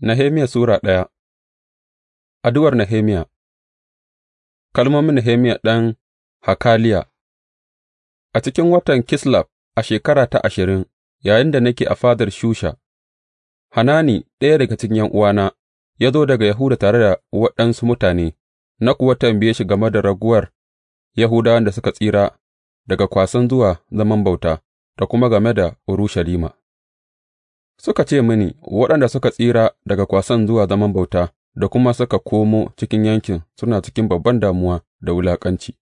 Nehemiya Sura ɗaya Addu'ar Nehemiya Kalmomin Nehemiya ɗan Hakaliya A cikin watan Kislab a shekara ta ashirin, yayin da nake a fadar Shusha, Hanani, ɗaya daga cikin ’yan'uwana, ya zo daga Yahuda tare da waɗansu mutane, na kuwa tambaye shi game da raguwar Yahudawan da suka tsira daga kwasan zuwa zaman bauta da kuma game da Urushalima. Suka ce mini, Waɗanda suka tsira daga kwasan zuwa zaman bauta da kuma suka komo cikin yankin suna cikin babban damuwa da wulaƙanci,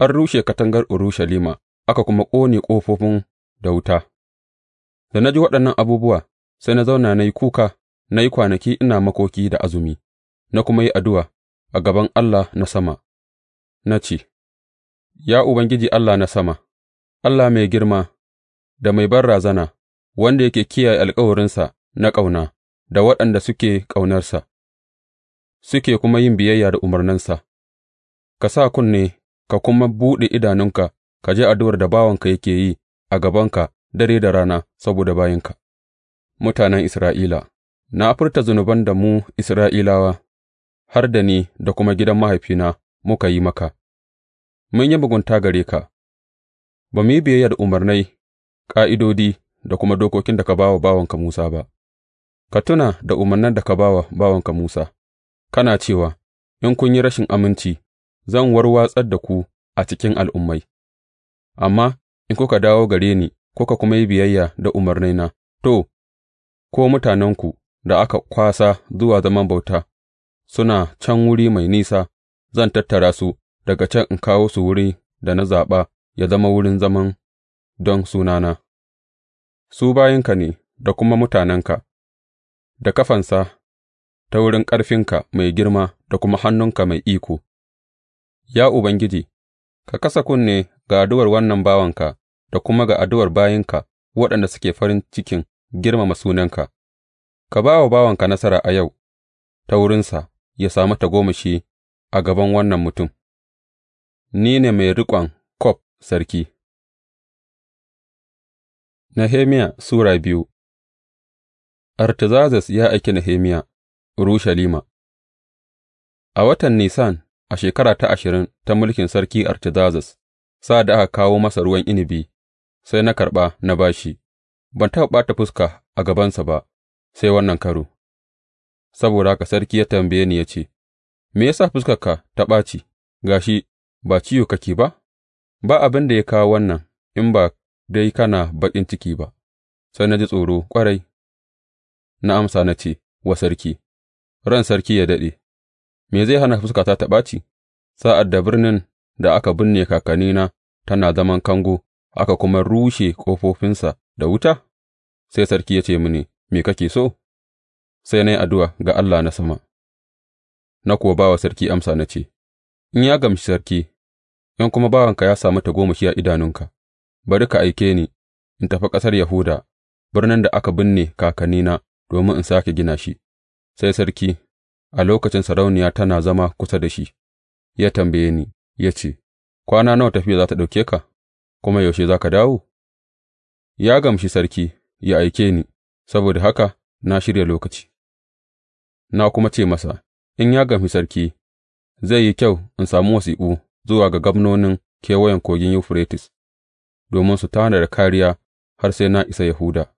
an rushe katangar Urushalima aka kuma ƙone ƙofofin da wuta. Da na ji waɗannan abubuwa, sai na zauna na yi kuka, na yi kwanaki ina makoki da azumi, na kuma yi addu'a a gaban Allah na sama, na ce, Ya Ubangiji Allah na sama, Allah mai girma da mai razana wanda yake kiyaye alkawarinsa na ƙauna da waɗanda suke ƙaunarsa, suke kuma yin biyayya da umarnansa, ka sa kunne ka kuma buɗe idanunka ka ji addu'ar da bawanka yake yi a gabanka dare da rana saboda bayinka, mutanen Isra'ila, na furta zunuban da mu Isra'ilawa, har da ni da kuma gidan mahaifina muka yi maka, mun yi mugunta gare ka, ba mu yi biyayya da umarnai, ƙa'idodi da kuma dokokin da ka ba wa bawanka Musa ba, ka tuna da umarnan da ka ba wa bawanka Musa, kana cewa, In kun yi rashin aminci, zan warwatsar da ku a cikin al'ummai, amma in kuka dawo gare ni kuka kuma yi biyayya da umarnaina, to, ko mutanenku da aka kwasa zuwa zaman bauta suna can wuri mai nisa, zan tattara su daga can in kawo su wuri da na zaɓa ya zama wurin zaman don sunana. su bayinka ne da kuma mutanenka, da kafansa fansa ta wurin ƙarfinka mai girma da kuma hannunka mai iko, ya Ubangiji, ka kasa kunne ga addu'ar wannan bawanka da kuma ga addu'ar bayinka waɗanda suke farin cikin girmama sunanka, ka ba wa bawanka nasara a yau, ta wurinsa ya sami tagomashi a gaban wannan mutum, ni ne mai riƙon kwaf sarki. Nehemiya Sura biyu Artazazes ya aiki Nehemiya Urushalima A watan Nisan, a shekara ta ashirin ta mulkin sarki Artazazes, sa da aka kawo masa ruwan inibi, sai na karɓa na bashi. ban taɓa ɓata fuska a gabansa ba, sai wannan karo. Saboda haka sarki ya tambaye ni ya ce, Me yasa fuskarka ta ɓaci, gashi ba ciwo kake ba? Ba abin da ya kawo wannan in ba dai kana baƙin ciki ba, sai na ji tsoro ƙwarai, na amsa na ce wa sarki, ran sarki ya daɗe, me zai hana fuskata ta ɓaci, sa'ad da birnin da aka binne kakannina tana zaman kango, aka kuma rushe ƙofofinsa da wuta? Sai sarki ya ce mini, Me kake so? Sai na yi addu'a ga Allah na sama, na kuwa ba wa sarki amsa na ce, In ya gamshi sarki, in kuma bawanka ya sami tagomashi a idanunka, bari ka aike ni in tafi ƙasar Yahuda, birnin da aka binne kakannina domin in sāke gina shi, sai sarki, a lokacin sarauniya tana zama kusa da shi, ya tambaye ni, ya ce, Kwana nawa tafiya za ta ɗauke ka, kuma yaushe za ka dawo? Ya gamshi sarki, ya aike ni, saboda haka na shirya lokaci, na kuma ce masa, In ya gamshi sarki, zai yi kyau in sami wasiƙu zuwa ga gwamnonin kewayen kogin Yuferites domin su tanada kariya har sai na isa Yahuda,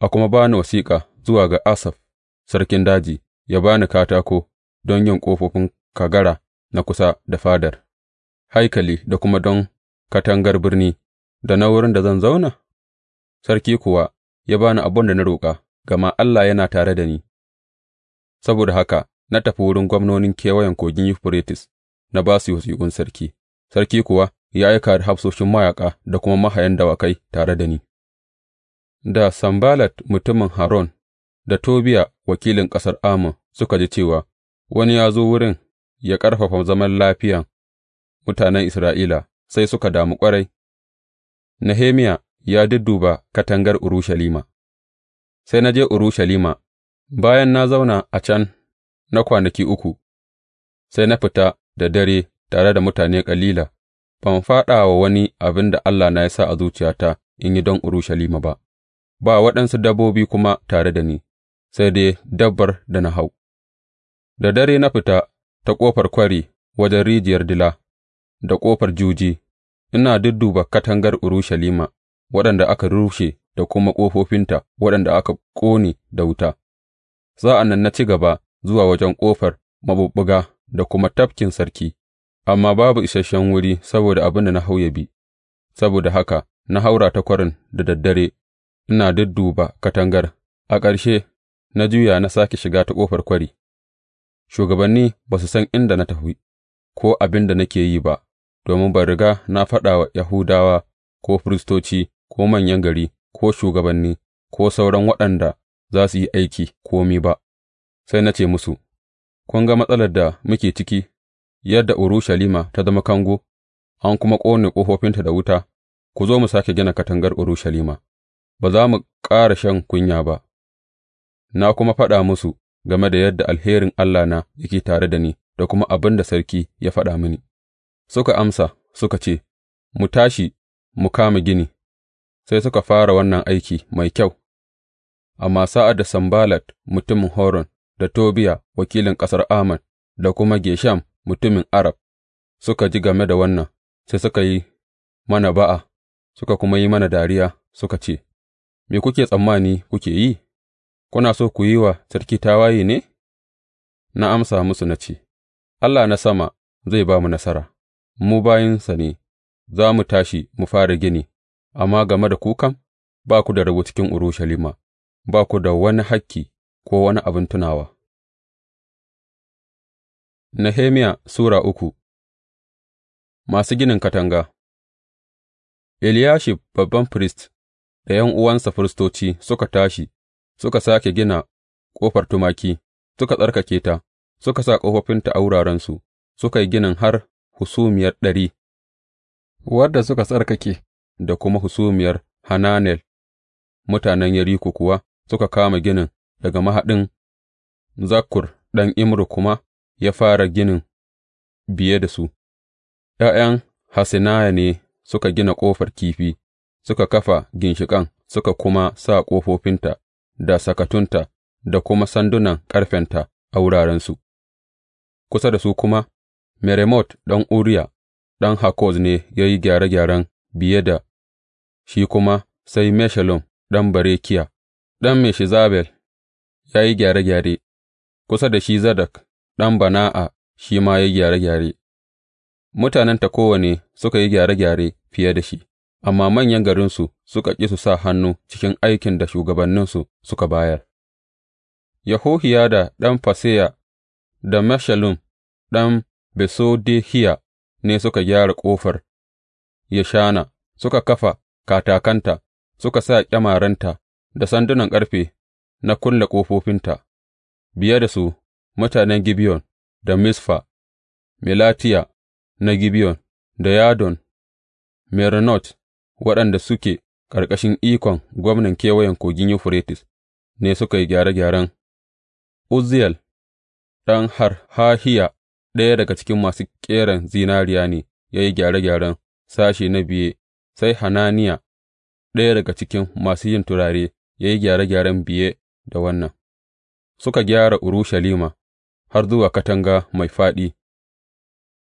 a kuma ba ni wasiƙa zuwa ga Asaf sarkin daji ya ba ni katako don yin ƙofofin kagara na kusa da fadar, haikali da kuma don katangar birni da na wurin da zan zauna? Sarki kuwa ya ba ni abin da na roƙa, gama Allah yana tare da ni, saboda haka na tafi wurin gwamnonin kewayen kogin Yuferites na ba su wasiƙun sarki, sarki kuwa ya aika da hafsoshin mayaƙa da kuma mahayan dawakai tare da ni, da Sambalat mutumin Haron da Tobiya wakilin ƙasar ama suka ji cewa wani ya zo wurin ya ƙarfafa zaman lafiyan mutanen Isra'ila, sai suka damu ƙwarai. Nehemiya ya dudduba katangar Urushalima Sai na je Urushalima, bayan na zauna a can na kwanaki uku, sai na fita da dare tare da mutane ƙalila ban faɗa wa wani abin da allah na ya sa a zuciyata in yi don Urushalima ba, ba waɗansu dabbobi kuma tare da ni, sai dai dabbar da na hau. Da dare na fita ta ƙofar kwari wajen rijiyar dila da ƙofar juji, ina dudduba katangar Urushalima waɗanda aka rushe da kuma ƙofofinta waɗanda aka ƙone da wuta. Sa'an nan na ci gaba zuwa wajen ƙofar maɓuɓɓuga da kuma tafkin sarki, amma babu isasshen wuri saboda abin da na hau ya bi, saboda haka na haura ta kwarin da daddare, ina dudduba katangar, a ƙarshe na juya na sake shiga ta ƙofar kwari, shugabanni ba su san inda na tafi ko abin da nake yi ba, domin ban riga na faɗa wa Yahudawa ko firistoci ko manyan gari ko shugabanni ko sauran waɗanda za su yi aiki komi ba, sai na ce musu, Kun ga matsalar da muke ciki yadda Urushalima ta zama kango, an kuma ƙone ƙofofinta da wuta, ku zo mu sake gina katangar Urushalima, ba za mu ƙara shan kunya ba, na kuma faɗa musu game da yadda alherin Allah na yake tare da ni da kuma abin da sarki ya faɗa mini. Suka amsa suka ce, Mu tashi, mu kama gini, sai suka fara wannan aiki mai kyau, amma sa'ad da Sambalat mutumin Horon da Tobiya wakilin ƙasar Amon da kuma Gesham mutumin Arab suka ji game da wannan, sai suka yi mana ba'a, suka kuma yi mana dariya, suka ce, Me kuke tsammani kuke yi, kuna so ku yi wa sarki tawaye ne? Na amsa musu na ce, Allah na sama zai ba mu nasara, mu bayinsa ne, za mu tashi mu fara gini, amma game da kukan? ba ku da rabu cikin Urushalima, ba ku da wani hakki ko wani abin tunawa. Nehemiya Sura uku Masu ginin katanga Eliyashib babban firist da ’yan'uwansa firistoci suka tashi suka sake gina ƙofar tumaki, suka tsarkake ta, suka sa ƙofofinta a wurarensu, suka yi ginin har Husumiyar Ɗari, wadda suka tsarkake da kuma Husumiyar Hananel, mutanen Yeriko kuwa suka kama ginin daga mahaɗin Zakkur ɗan Imru kuma. ya fara ginin biye da su, ’ya'yan Hasinaya ne suka gina ƙofar kifi, suka kafa ginshiƙan, suka kuma sa ƙofofinta da sakatunta da kuma sandunan ƙarfenta a wurarensu, kusa da su kuma, Meremot ɗan Uriya, ɗan Hakoz ne ya yi gyare-gyaren biye da shi kuma sai Meshalom ɗan Barekiya, ɗan meshizabel ya yi gyare-gyare, kusa da shi Zadak ɗan Bana'a shi ma ya yi gyare gyare, Mutanenta kowane suka yi gyare gyare fiye da shi, amma manyan garinsu suka ƙi su sa hannu cikin aikin da shugabanninsu suka bayar. Yehohiyada ɗan Faseya da Mashalun ɗan Besodehiya ne suka gyara ƙofar Yashana suka kafa katakanta, suka sa ƙyamarenta da sandunan ƙarfe na kulle ƙofofinta, biye da su mutanen Gibeyon da Misfa, Melatiya na Gibeyon da Yadon, Meronot waɗanda suke ƙarƙashin ikon gwamnan Kewayen Kogin Yuferites ne suka yi gyare gyaren Uzziyel ɗan Harhahiya, ɗaya daga cikin masu ƙeran zinariya ne ya yi gyare gyaren sashe na biye, sai Hananiya, ɗaya daga cikin masu yin turare, ya yi gyare gyaren biye da wannan. Suka gyara Urushalima. har zuwa katanga mai fāɗi,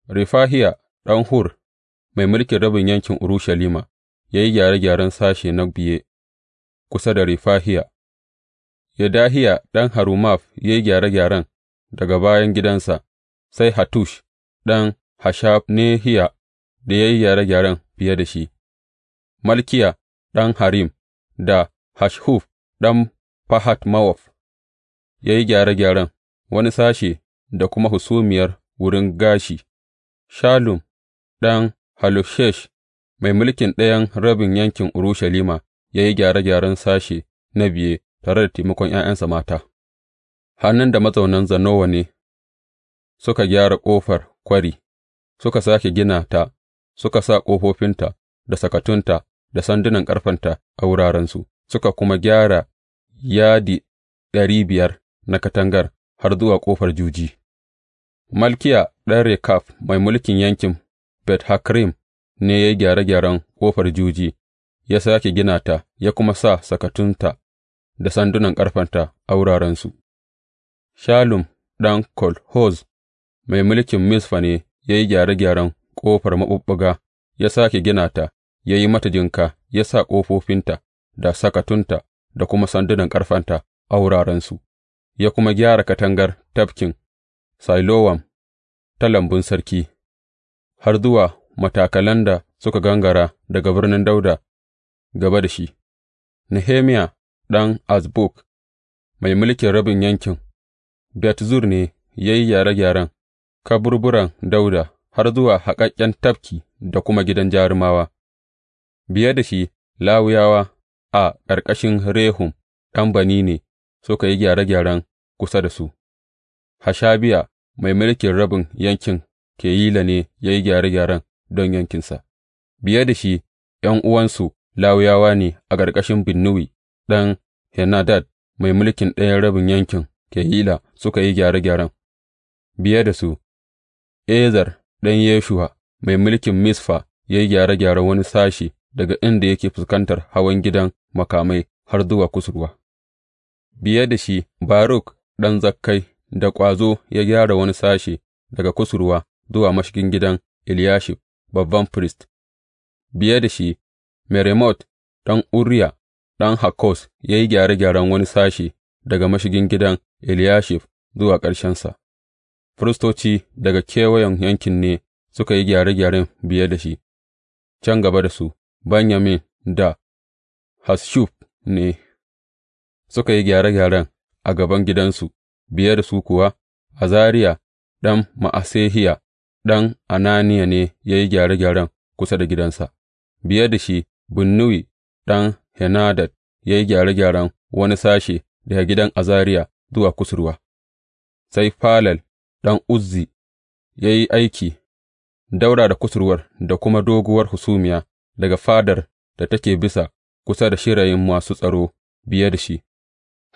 Refahiya ɗan Hur, mai mulkin rabin yankin Urushalima, ya yi gyare gyaren sashe na biye kusa da Refahiya, Yadahiya ɗan Harumaf ya yi gyare gyaren daga bayan gidansa, sai Hatush ɗan Hashabnehiya da ya yi gyare gyaren fiye da shi, Malkiya ɗan Harim da Hashhuf ɗan Fahat Mawaf ya yi gyare gyaren. wani sashe da kuma hasumiyar wurin gashi, Shallum ɗan Halushesh, mai mulkin ɗayan rabin yankin Urushalima, ya yi gyare gyaren sashe na biye tare da taimakon ’ya'yansa mata. Hannun da mazaunan Zanowa ne suka gyara ƙofar kwari, suka sake gina ta, suka sa ƙofofinta da sakatunta da sandunan ƙarfanta a wurarensu, suka kuma gyara yadi ɗari biyar na katangar har zuwa ƙofar juji. Malkiya ɗan Rekab mai mulkin yankin Bet Hakrim ne ya yi gyare-gyaren ƙofar juji, ya sake gina ta, ya kuma sa sakatunta da sandunan ƙarfanta a wurarensu. Shalum ɗan Kolhoz mai mulkin Misfa ne ya yi gyare-gyaren ƙofar maɓuɓɓuga, ya sake gina ta, ya yi mata jinka, ya sa ƙofofinta da sakatunta da kuma sandunan ƙarfanta a wurarensu. ya kuma gyara katangar tafkin Silowam ta lambun sarki, har zuwa matakalan da suka gangara daga birnin Dauda gaba da shi, Nehemiya ɗan Azbuk, mai mulkin rabin yankin, Bet Zur ne ya yi gyare-gyaren kaburburan Dauda har zuwa haƙaƙƙen tafki da kuma gidan jarumawa, biye da shi Lawiyawa a ƙarƙashin Rehum ɗan Bani ne suka yi gyare gyaren kusa da su, Hashabiya mai mulkin rabin yankin Keyila ne ya yi gyare gyaren don yankinsa, biye da shi uwansu Lawiyawa ne a ƙarƙashin Binnuwi ɗan Henadad mai mulkin ɗayan rabin yankin Keyila suka yi gyare gyaren, biye da su, Ezar ɗan Yeshuwa mai mulkin Misfa ya yi gyare gyaren wani sashi daga inda yake fuskantar hawan gidan makamai har zuwa kusurwa. biye da shi Baruk ɗan Zakkai da ƙwazo ya gyara wani sashe daga kusurwa zuwa mashigin gidan Eliyashib babban firist, biye da shi Meremot ɗan Uriya ɗan Hakkos ya yi gyare-gyaren wani sashe daga mashigin gidan Eliyashib zuwa ƙarshensa, firistoci daga kewayen yankin ne suka yi gyare-gyaren biye da shi, can gaba da su, Benyamin da Hasshub ne. suka yi gyare gyaren a gaban gidansu, biye da su kuwa, Azariya ɗan Ma'asehiya ɗan Ananiya ne ya yi gyare gyaren kusa da gidansa, biye da shi Binnuyi ɗan Henadad ya yi gyare gyaren wani sashe daga gidan Azariya zuwa kusurwa, sai Falal ɗan Uzzi ya yi aiki daura da kusurwar da kuma doguwar husumiya daga fadar da take bisa kusa da shirayin masu tsaro biye da shi,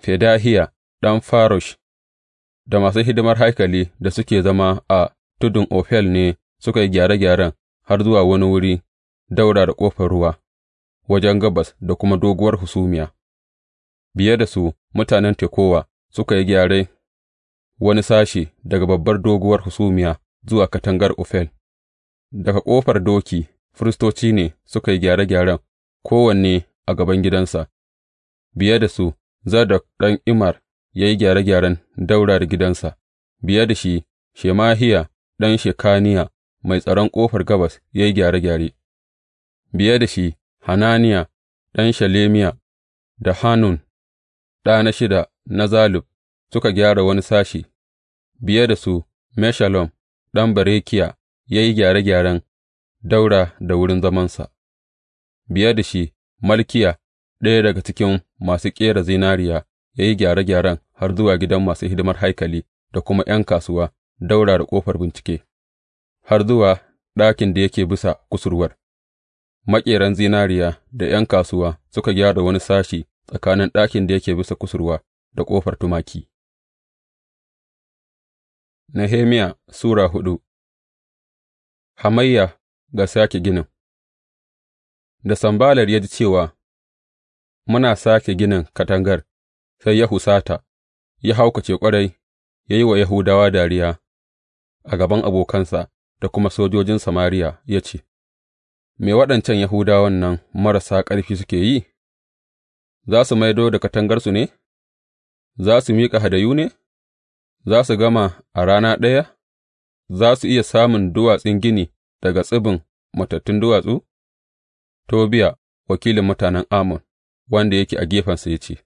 Fedahiya ɗan Farosh da masu hidimar haikali da suke zama a tudun Ofel ne suka yi gyare gyaren har zuwa wani wuri daura da ƙofar ruwa, wajen gabas da kuma doguwar husumiya. biye da su mutanen Tekowa suka yi gyare wani sashi daga babbar doguwar husumiya zuwa katangar Ofel, daga ƙofar doki firistoci ne suka yi gyare gyaren kowanne a gaban gidansa, biye da su Zadok ɗan Immer ya yi gyare-gyaren daura da gidansa, biye da shi, Shemahiya ɗan Shekaniya mai tsaron ƙofar gabas ya yi gyare-gyare, biye da shi, Hananiya ɗan Shalemiya da Hanun ɗana shida na Zalub suka gyara wani sashi, biye da su, Meshalom ɗan Berekiya ya yi gyare-gyaren daura da wurin zamansa, biye da shi, Malkiya ɗaya daga cikin masu ƙera zinariya ya yi gyare gyaren har zuwa gidan masu hidimar haikali da kuma ’yan kasuwa daura da ƙofar bincike, har zuwa ɗakin da yake bisa kusurwar. Maƙeran zinariya da ’yan kasuwa suka gyara wani sashi tsakanin ɗakin da yake bisa kusurwa da ƙofar tumaki. Nehemiya Sura hudu Hamayya ga sake ginin Da Sambalar ya ji cewa muna sāke ginin katangar, sai ya husata, ya haukace ƙwarai, ya yi wa Yahudawa dariya a gaban abokansa da kuma sojojin Samariya ya ce, Me waɗancan Yahudawan nan marasa ƙarfi suke yi? Za su maido da katangarsu ne? Za su miƙa hadayu ne? Za su gama a rana ɗaya? Za su iya samun duwatsun gini daga tsibin matattun duwatsu? Tobiya wakilin mutanen Amon. wanda yake a gefensa ya ce,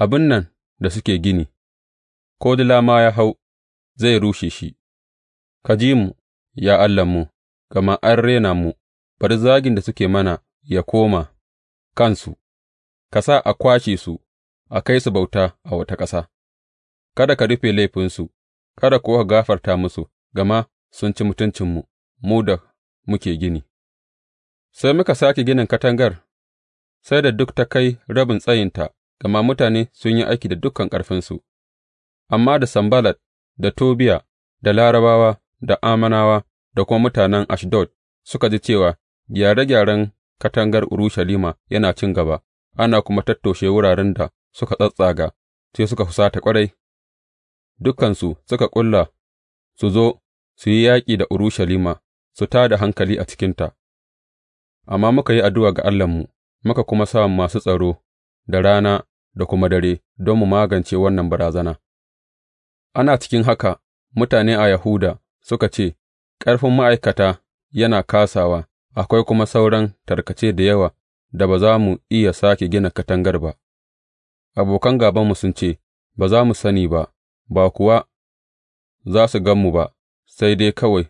Abin nan da suke gini, ko dila ma ya hau, zai rushe shi, ka ji mu, ya Allahnmu, gama an rena mu, bari zagin da suke mana ya koma kansu, ka sa a kwashe su, a kai su bauta a wata ƙasa, kada ka rufe laifinsu, kada kuwa ka gafarta musu, gama sun ci mutuncinmu, mu da muke gini. Sai muka sake ginin katangar sai da duk ta kai rabin tsayinta, gama mutane sun yi aiki da dukan ƙarfinsu, amma da Sanballat, da Tobiya, da Larabawa, da Amanawa, da kuma mutanen Ashdod suka ji cewa gyare-gyaren katangar Urushalima yana cin gaba, ana kuma tattoshe wuraren da suka tsattsaga, sai suka husata ƙwarai, dukansu suka ƙulla su zo su yi yaƙi da Urushalima, su tā da hankali a cikinta, amma muka yi addu'a ga Allahnmu. muka kuma sa masu tsaro da rana da kuma dare don mu magance wannan barazana, ana cikin haka mutane a Yahuda suka ce, Ƙarfin ma'aikata yana kasawa, akwai kuma sauran tarkace da yawa da ba za mu iya sake gina katangar ba, abokan gābanmu sun ce, Ba za mu sani ba, ba kuwa za su gan mu ba, sai dai kawai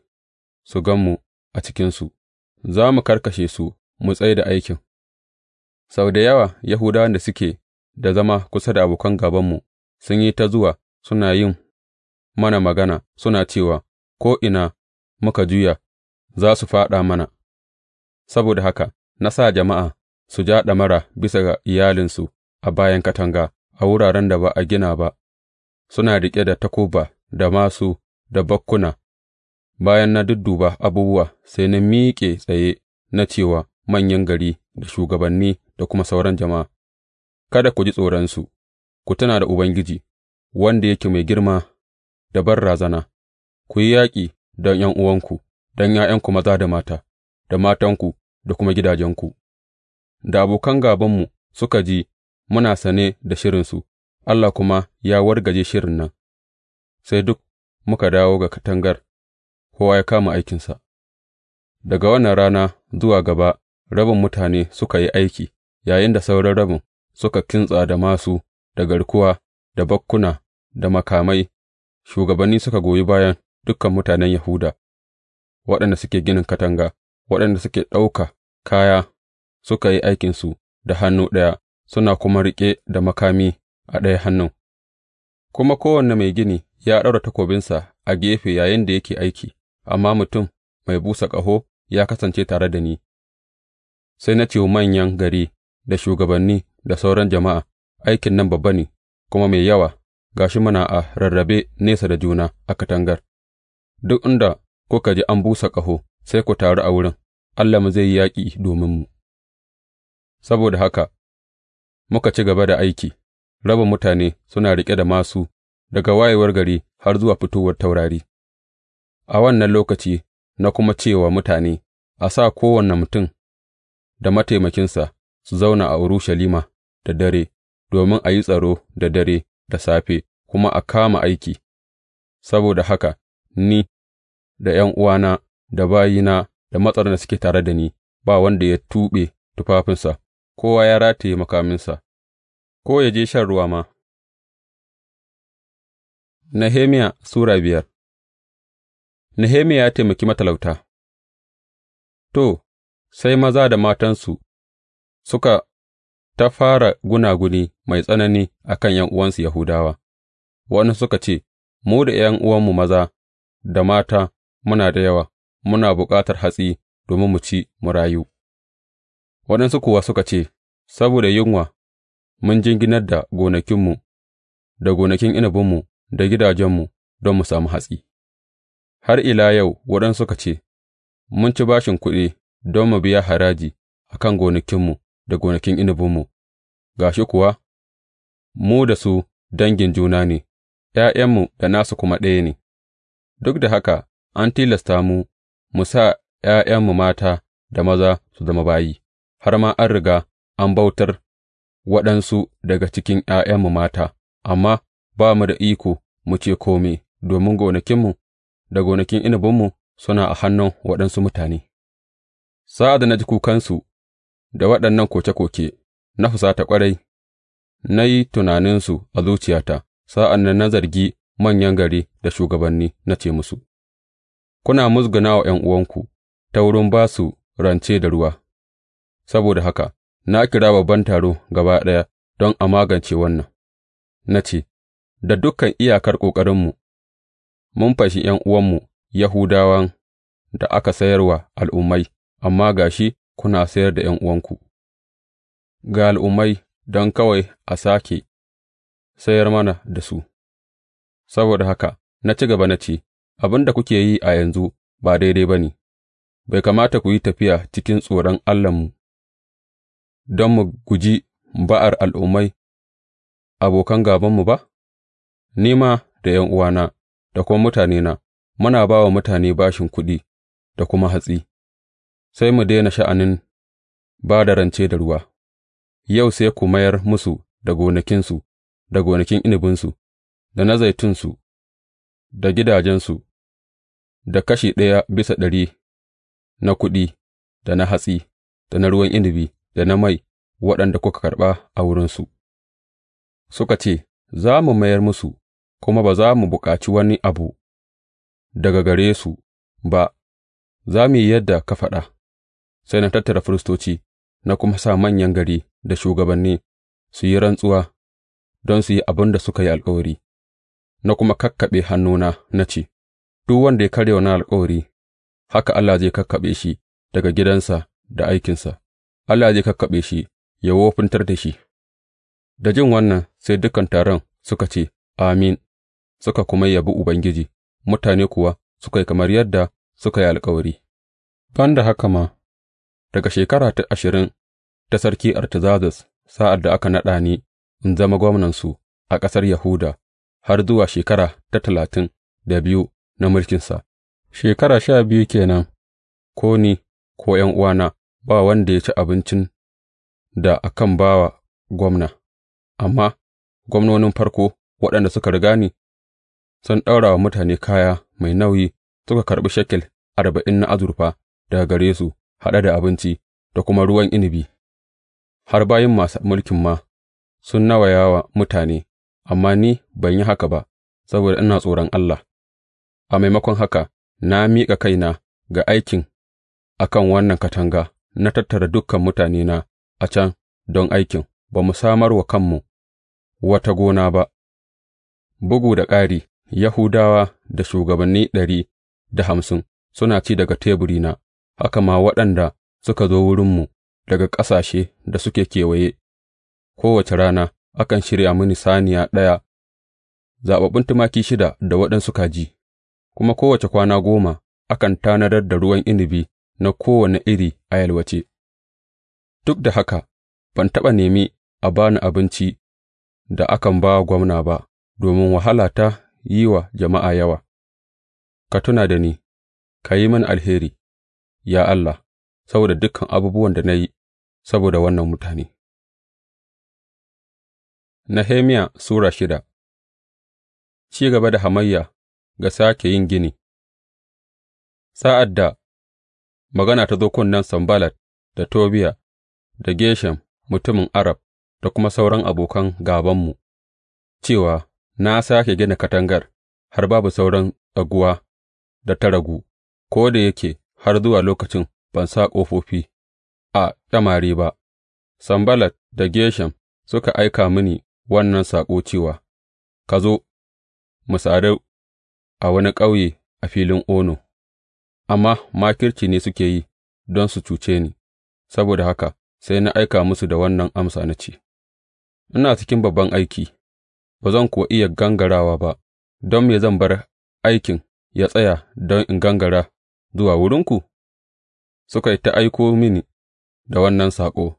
su gan mu a cikinsu, za mu karkashe su mu tsai da aikin. Sau da yawa Yahudawan da suke da zama kusa da abokan gabanmu sun yi ta zuwa suna yin mana magana, suna cewa, Ko'ina muka juya, za su faɗa mana, saboda haka na sa jama'a su ja ɗamara bisa ga iyalinsu a bayan katanga, a wuraren da ba a gina ba, suna riƙe da takuba, da masu da bakkuna. Bayan na dudduba abubuwa, sai na miƙe tsaye na cewa manyan gari da shugabanni da kuma sauran jama'a, kada ku ji tsoronsu, ku tuna da Ubangiji, wanda yake mai girma da razana ku yi yaƙi don ’yan'uwanku, don ’ya'yanku maza da mata, da matanku da kuma gidajenku. Da abokan gābanmu suka ji muna sane da shirinsu, Allah kuma ya wargaje shirin nan, sai duk muka dawo ga katangar, kowa ya kama aikinsa. Daga wannan rana zuwa gaba, rabin mutane suka yi aiki yayinda sauran rabin suka kintsa da masu da garkuwa, da bakkuna, da makamai, shugabanni suka goyi bayan dukan mutanen Yahuda, waɗanda suke ginin katanga, waɗanda suke ɗauka kaya, suka yi aikinsu da hannu ɗaya, suna kuma riƙe da makami a ɗaya hannun, kuma kowane mai gini ya ɗaura takobinsa a gefe yayin da yake aiki, amma mutum mai busa ƙaho ya kasance tare da ni, sai na ce manyan gari da shugabanni da sauran jama'a, aikin nan babba ne kuma mai yawa, ga shi muna a rarrabe nesa da juna a katangar, duk inda kuka ji an busa ƙaho, sai ku taru a wurin, Allahnmu zai yi yaƙi dominmu. Saboda haka, muka ci gaba da aiki, raba mutane suna riƙe da masu daga wayewar gari har zuwa fitowar taurari. A wannan lokaci na kuma cewa mutane, A sa kowane mutum da mataimakinsa su zauna a Urushalima da dare, domin a yi tsaro da dare da safe kuma a kama aiki, saboda haka ni da 'yan uwana, da bayina da matsar da suke tare da ni, ba wanda ya tuɓe tufafinsa, kowa ya rataye makaminsa, ko ya je shan ruwa ma. Nehemiya Sura biyar Nehemiya ya taimaki matalauta To, sai maza da matansu suka ta fara gunaguni mai tsanani a kan ’yan'uwansu Yahudawa, wani suka ce, Mu da ’yan'uwanmu maza da mata muna da yawa, muna bukatar hatsi domin mu ci mu rayu, waɗansu kuwa suka ce, Saboda yunwa mun jinginar da gonakinmu, da gonakin inabinmu, da gidajenmu don mu sami hatsi. Har ila yau waɗansu suka ce, Mun ci bashin kuɗi don mu biya haraji a kan gonakinmu da gonakin inabinmu, ga shi kuwa mu da su dangin juna ne, ’ya'yanmu da nasu kuma ɗaya ne, duk da haka an tilasta mu mu sa ’ya'yanmu mata da maza su zama bayi, har ma an riga an bautar waɗansu daga cikin ’ya'yanmu mata, amma ba mu da iko mu ce kome, domin gonakinmu da gonakin inabinmu suna a hannun waɗansu mutane. Sa'ad da na ji kukansu da waɗannan koke-koke na fusata ƙwarai, na yi tunaninsu a zuciyata, sa'an nan na zargi manyan gari da shugabanni na ce musu, Kuna musguna wa uwanku ta wurin ba su rance da ruwa, saboda haka na kira babban taro gaba ɗaya don a magance wannan, na ce, Da dukan iyakar ƙoƙarinmu, mun fashi uwanmu Yahudawan da aka sayar wa al'ummai, amma ga shi kuna sayar da ’yan'uwanku ga al'ummai don kawai a sake sayar mana da su, saboda haka na ci gaba na ce, Abin da kuke yi a yanzu ba daidai ba ne, bai kamata ku yi tafiya cikin tsoron Allahnmu don mu guji ba'ar al'ummai abokan gabanmu ba? Ni ma da ’yan'uwana da kuma mutanena muna ba wa mutane bashin kuɗi da kuma hatsi. sai mu daina sha'anin ba da rance da ruwa, yau sai ku mayar musu da gonakinsu, da gonakin inibinsu da na zaitunsu, da gidajensu, da kashi ɗaya bisa ɗari na kuɗi, da na hatsi, da na ruwan inibi da na mai waɗanda kuka karɓa a wurinsu. Suka ce, Za mu mayar musu, kuma ba za mu buƙaci wani abu daga gare su ba, za mu yi yadda ka faɗa. sai na tattara firistoci na kuma sa manyan gari da shugabanni su yi rantsuwa don su yi abin da suka yi alkawari, na kuma kakkaɓe hannuna na ce, Duk wanda ya karya wannan alkawari, haka Allah zai kakkaɓe shi daga gidansa da aikinsa, Allah zai kakkaɓe shi ya wofintar da shi. Da jin wannan sai dukan taron suka ce, Amin, suka kuma yabi Ubangiji, mutane kuwa suka yi kamar yadda suka yi alkawari. Ban haka ma, daga shekara ta ashirin ta sarki Artazazes, sa'ad da aka naɗa ni in zama gwamnansu a ƙasar Yahuda, har zuwa shekara ta talatin da biyu na mulkinsa, shekara sha biyu kenan, ko ni, ko uwana ba wanda ya ci abincin da akan bawa gwamna, amma gwamnonin farko waɗanda suka riga ni sun ɗaura wa mutane kaya mai nauyi suka karɓi shekel arba'in na azurfa daga gare su haɗe da abinci da kuma ruwan inabi, har bayin masu mulkin ma sun nawaya wa mutane, amma ni ban yi haka ba, saboda ina tsoron Allah, a maimakon haka na miƙa kaina ga aikin akan wannan katanga, na tattara dukkan mutanena a can don aikin, ba mu samar wa kanmu wata gona ba, bugu da ƙari, Yahudawa da shugabanni ɗari da hamsin suna ci daga teburina, haka ma waɗanda suka zo wurinmu daga ƙasashe da suke kewaye, kowace rana akan shirya mini saniya ɗaya, zaɓaɓɓun tumaki shida da waɗansu kaji, kuma kowace kwana goma akan tanadar da ruwan inabi na kowane iri a yalwace. Duk da haka, ban taɓa nemi a bani abinci da akan ba gwamna ba, domin wahala ta yi wa jama'a yawa. Ka tuna da ni, ka yi mini alheri. ya Allah, saboda dukan abubuwan da na yi saboda wannan mutane. Nahemiya Sura shida Ci gaba da hamayya ga sake yin gini Sa'ad da magana ta zo kunnen Sambalat da Tobiya da Geshem mutumin Arab da kuma sauran abokan gabanmu, cewa na sake gina katangar har babu sauran tsaguwa da ta ragu, ko da yake har zuwa lokacin ban sa ƙofofi a ƙyamare ba, Sambalat da Geshem suka aika mini wannan saƙo cewa, Ka zo, mu sadu a wani ƙauye a filin Ono, amma makirci ne suke yi don su cuce ni, saboda haka sai na aika musu da wannan amsa na ce, Ina cikin babban aiki, ba zan kuwa iya gangarawa ba, don me zan bar aikin ya tsaya don in gangara zuwa wurinku? Suka yi ta aiko mini da wannan saƙo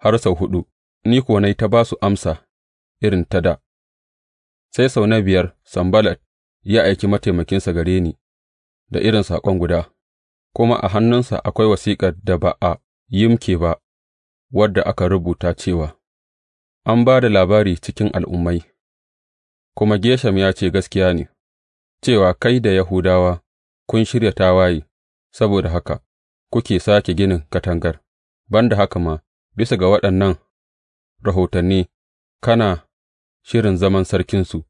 har sau huɗu, ni kuwa na yi ta ba su amsa irin ta da. Sai sau na biyar Sambalat ya aiki mataimakinsa gare ni da irin saƙon guda, kuma a hannunsa akwai wasiƙar da ba a yimke ba, wadda aka rubuta cewa, An ba da labari cikin al'ummai, kuma Geshem ya ce gaskiya ne, cewa kai da Yahudawa kun shirya tawaye, saboda haka kuke sāke ginin katangar, ban da haka ma, bisa ga waɗannan rahotanni, kana shirin zaman sarkinsu,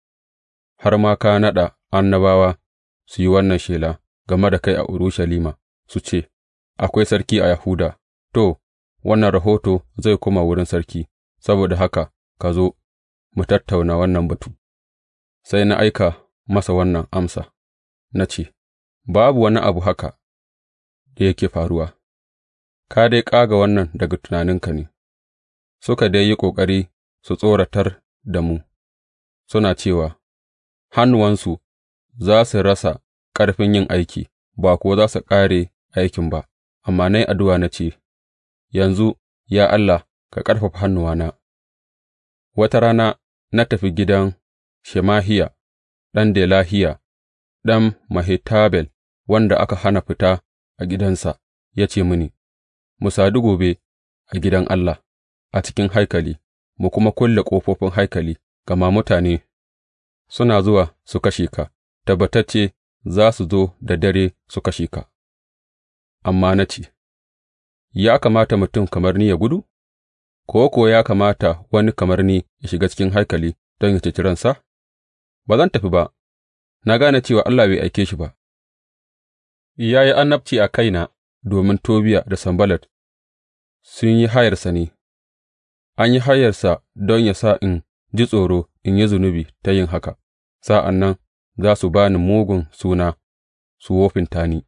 har ma ka naɗa annabawa su yi wannan shela game da kai a Urushalima, su ce, Akwai sarki a Yahuda, to, wannan rahoto zai kuma wurin sarki, saboda haka ka zo mu tattauna wannan batu. Sai na aika masa wannan amsa, na ce. babu wani abu haka da yake faruwa, ka dai ƙaga wannan daga tunaninka ne, suka dai yi ƙoƙari su tsoratar da mu, suna cewa, Hannuwansu za su rasa ƙarfin yin aiki, ba ko za su ƙare aikin ba, amma na yi addu'a na ce, Yanzu, ya Allah, ka ƙarfafa hannuwana. Wata rana na tafi gidan Shemahiya, ɗan Delahiya, ɗan mahitabel. wanda aka hana fita a gidansa, ya ce mini, Mu sadu gobe a gidan Allah, a cikin haikali, mu kuma kulle ƙofofin haikali, gama mutane suna zuwa su kashe ka, tabbatacce za su zo da dare su kashe ka. Amma na ce, Ya kamata mutum kamar ni ya gudu? Ko kuwa ya kamata wani kamar ni ya shiga cikin haikali don ya ceci ransa? Ba zan tafi ba, na gane cewa Allah bai aike shi ba. ya yi annabci a kaina domin Tobiya da Sambalat sun yi hayarsa ne, an yi hayarsa don ya sa in ji tsoro in yi zunubi ta yin haka, sa'an nan za su ba ni mugun suna su wofinta ni,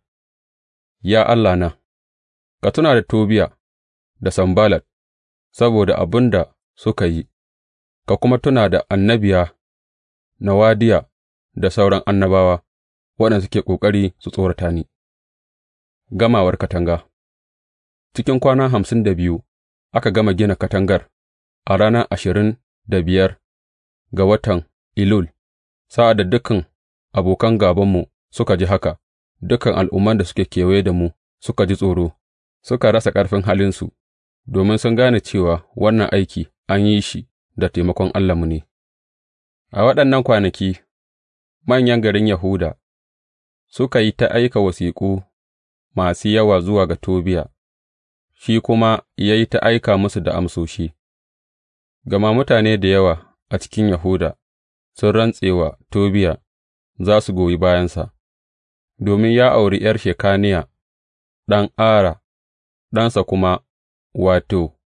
Ya Allah na, ka tuna da Tobiya da Sambalat saboda abin da suka yi, ka kuma tuna da annabiya Nawadiya da sauran annabawa waɗanda suke ƙoƙari su tsorata ni. Gamawar katanga Cikin kwana hamsin da biyu aka gama gina katangar, a ranar ashirin da biyar ga watan Ilul. sa'ad da dukan abokan gabanmu suka ji haka, dukan al'umman da suke kewaye da mu suka ji tsoro, suka rasa ƙarfin halinsu, domin sun gane cewa wannan aiki an yi shi da taimakon Allahnmu ne. A waɗannan kwanaki, manyan garin Yahuda suka yi ta aika wasiƙu masu yawa zuwa ga Tobiya, shi kuma ya yi ta aika musu da amsoshi, gama mutane da yawa a cikin Yahuda sun rantse wa Tobiya za su goyi bayansa, domin ya auri ’yar Shekaniya ɗan Ara, ɗansa kuma, wato,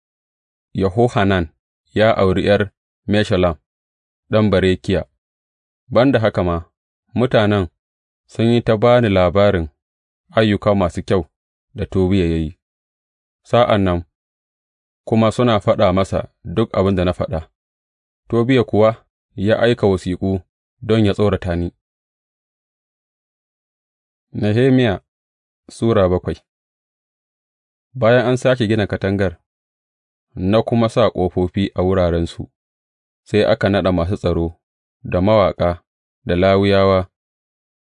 Yahohanan ya auri ’yar Meshalam ɗan Barekiya. ban da haka ma, mutanen sun yi ta ba ni labarin ayyuka masu kyau da Tobiya ya yi, sa'an nan kuma suna faɗa masa duk abin da na faɗa, Tobiya kuwa ya aika wasiƙu don ya tsorata ni. Nehemiya Sura bakwai Bayan an sake gina katangar, na kuma sa ƙofofi a wurarensu, sai aka naɗa masu tsaro, da mawaƙa, da Lawiyawa,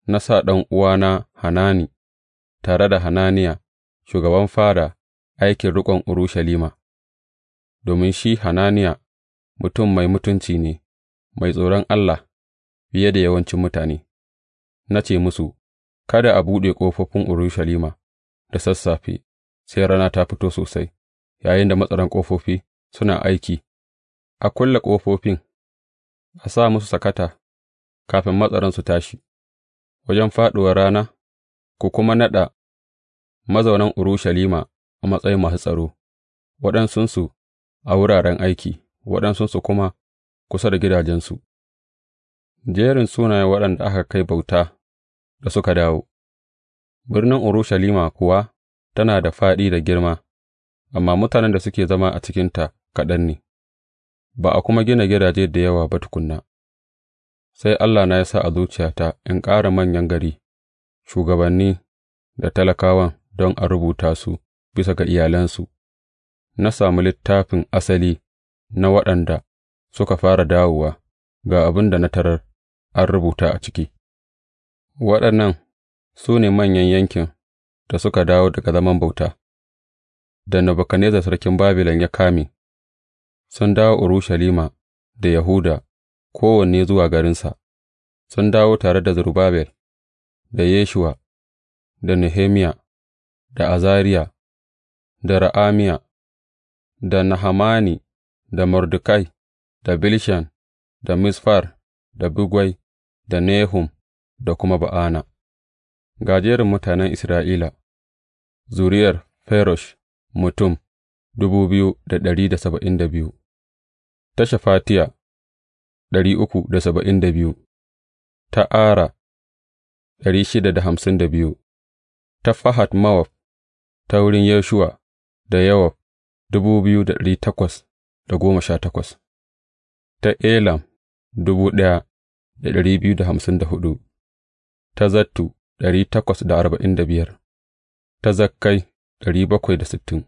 na sa ɗan'uwana Hanani tare da Hananiya, shugaban fada, aikin riƙon Urushalima, domin shi Hananiya mutum mai mutunci ne, mai tsoron Allah fiye da yawancin mutane, na ce musu, Kada a buɗe ƙofofin Urushalima da sassafe, sai rana ta fito sosai, yayin da matsaran ƙofofi suna aiki, a kulle ƙofofin, a sa musu sakata kafin matsaran su tashi, wajen faɗuwar rana ku kuma naɗa mazaunan Urushalima a matsayin masu tsaro, waɗansunsu a wuraren aiki, waɗansunsu kuma kusa da gidajensu. Jerin sunayen waɗanda aka kai bauta da suka dawo Birnin Urushalima kuwa tana da faɗi da girma, amma mutanen da suke zama a cikinta kaɗan ne, ba a kuma gina gidaje da yawa ba tukunna. Sai Allah na ya sa a zuciyata in ƙara manyan gari shugabanni da talakawan don a rubuta su bisa ga iyalansu, na sami littafin asali na waɗanda suka fara dawowa, ga abin da na tarar an rubuta a ciki. Waɗannan su ne manyan yankin da suka dawo daga zaman bauta, da da sarkin Babilon ya kame, sun dawo Urushalima da Yahuda, kowanne zuwa garinsa, sun dawo tare da Zerubabel. da Yeshuwa, da Nehemiya, da Azariya, da Ra'amiya, da Nahamani, da Mordekai, da Bilshan, da Misfar, da Bugwai, da Nehum, da kuma Ba'ana, gajiyar mutanen Isra'ila, zuriyar Ferosh mutum dubu biyu da ɗari da saba'in da biyu, ta Shafatiya ɗari uku da saba'in da biyu, ta Ara ta Fahat Mawaf, ta wurin Yeshuwa da yawaf. dubu biyu da ɗari takwas da goma sha takwas, ta Elam dubu ɗaya da ɗari biyu da hamsin da hudu, ta Zattu ɗari takwas da arba'in da biyar, ta Zakkai ɗari bakwai da sittin,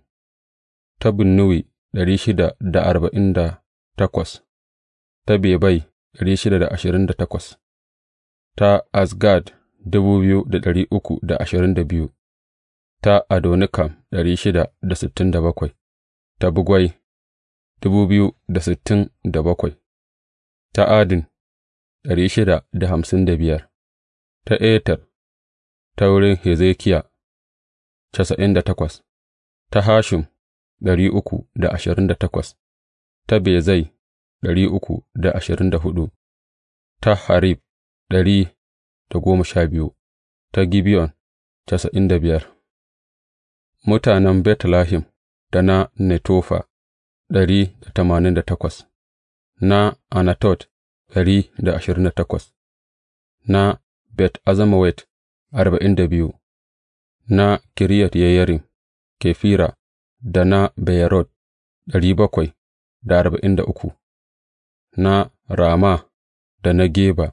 ta Binnuwi ɗari shida da arba'in da takwas, ta Bebai ɗari shida da ashirin da takwas, ta Asgard, dubu biyu da ɗari uku da ashirin da biyu, ta Adonikam ɗari shida da sittin da bakwai, ta Bugwai dubu biyu da sittin da bakwai, ta Adin ɗari shida da hamsin da biyar, ta Etar ta wurin Hezekiya casa'in da takwas, ta Hashim ɗari uku da ashirin da takwas, ta Bezai ɗari uku da ashirin da hudu, ta Harib ɗari da goma sha biyu ta GiBiOn casa'in da biyar, mutanen Betlehem da na Netofa dari da tamanin da takwas, na Anatot dari da ashirin da takwas, na Bet Azamawet arba'in da biyu, na Kiriyat ke Kefira da na Beyarot, dari bakwai da arba'in da uku, na Rama da na Geba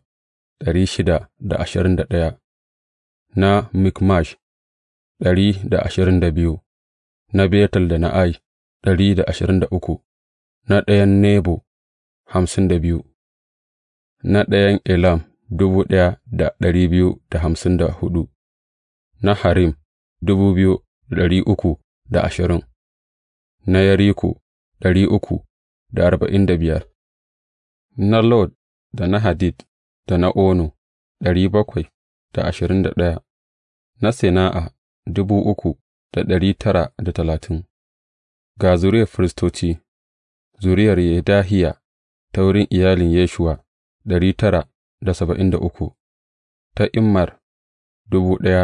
Ɗari shida da ashirin da ɗaya, na Mikmash ɗari da ashirin da biyu, na Betel da na Ai ɗari da ashirin da uku, na ɗayan Nebo hamsin da biyu, na ɗayan Elam dubu ɗaya da ɗari biyu da hamsin da hudu, na Harim dubu biyu da ɗari uku da ashirin, na Yariko ɗari uku da arba'in da biyar, na Lod da na Hadid da na Ono ɗari bakwai da ashirin da ɗaya, na Sena'a dubu uku da ɗari tara da talatin, ga zuriyar firistoci, zuriyar Yedahiya ta wurin iyalin Yeshuwa ɗari tara da saba'in da uku, ta Immar dubu ɗaya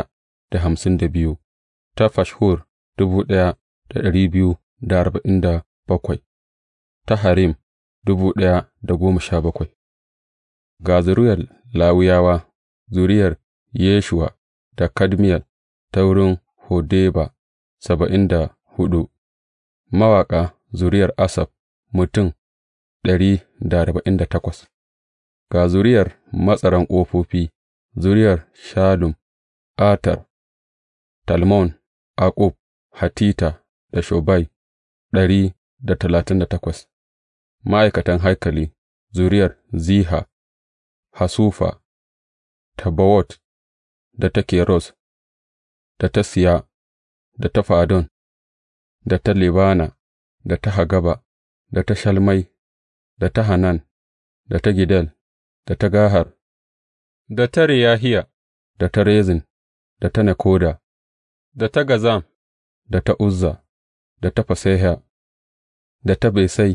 da hamsin da biyu, ta Fashhur dubu ɗaya da ɗari biyu da arba'in da bakwai, ta Harim dubu ɗaya da goma sha bakwai. Ga zuriyar Lawiyawa, zuriyar Yeshuwa da Kadmiyel ta wurin Hodeba, saba'in da hudu mawaƙa zuriyar Asaf mutum ɗari da arba'in da takwas, ga zuriyar matsaran ƙofofi, zuriyar Shalum Atar Talmon, Akub, Hatita da Shobai, ɗari da talatin da takwas, ma'aikatan haikali, zuriyar Ziha, Hasufa, tabawot da ta Keros, da ta Siya, da ta Fadon, da ta Libana, da ta Hagaba, da ta Shalmai, da ta Hanan, da ta Gidel, da ta Gahar, da ta Riyahiya, da ta Rezin, da ta Nakoda, da ta Gazam, da ta Uzza, da ta Faseha, da ta Besai,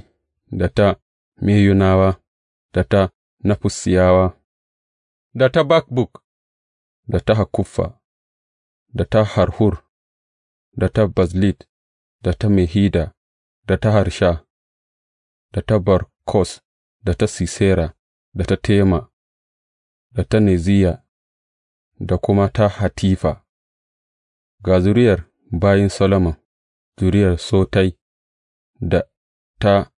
da ta Meyunawa, da ta na Fussiyawa, da ta Bakbuk, da ta Hakuffa. da ta Harhur, da ta Bazlit, da ta Mehida, da ta Harsha, da ta Barkos, da ta Sisera, da ta Tema, da ta Neziya, da kuma ta Hatifa, ga zuriyar bayin Solomon, zuriyar Sotai, da ta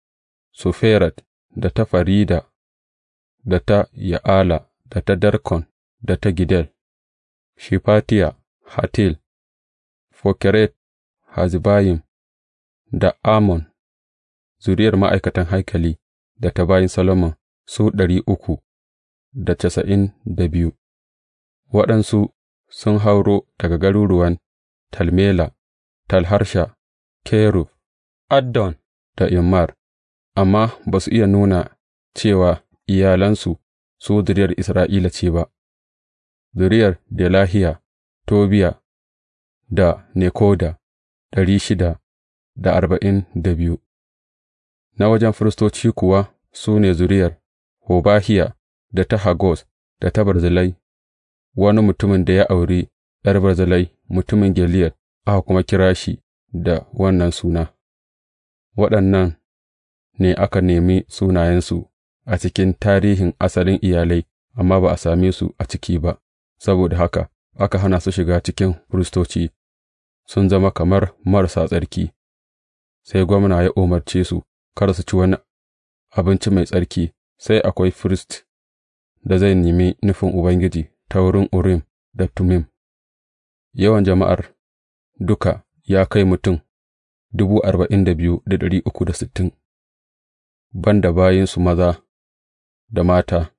Soferat, da ta Farida. da ta Ya'ala, da ta Darkon, da ta Gidel, Shifatiya, Hatil, Fokeret, Hazbayim, da Amon, zuriyar ma'aikatan haikali da ta bayin salomon su ɗari uku da casa'in da biyu, waɗansu sun hauro daga garuruwan Talmela, Talharsha, Kerub, Addon da Immar, amma ba su iya nuna cewa iyalansu su zuriyar Isra'ila ce ba, zuriyar Delahiya, Tobiya da Nekoda ɗari shida da arba'in da biyu, na wajen firistoci kuwa su ne zuriyar Hobahiya da ta Hagos da ta Barzilai, wani mutumin da ya auri ’yar Barzilai mutumin Geliyar aka kuma kira shi da wannan suna. Waɗannan ne aka nemi sunayensu a cikin tarihin asalin iyalai, amma ba a same su a ciki ba, saboda haka aka hana su shiga cikin firistoci, sun zama kamar marasa tsarki, sai gwamna ya umarce su kar su ci wani abinci mai tsarki, sai akwai firist da zai nemi nufin Ubangiji ta wurin Urim da Tumim. Yawan jama'ar duka ya kai mutum dubu arba'in da biyu da ɗari uku da sittin, ban da bayinsu maza da mata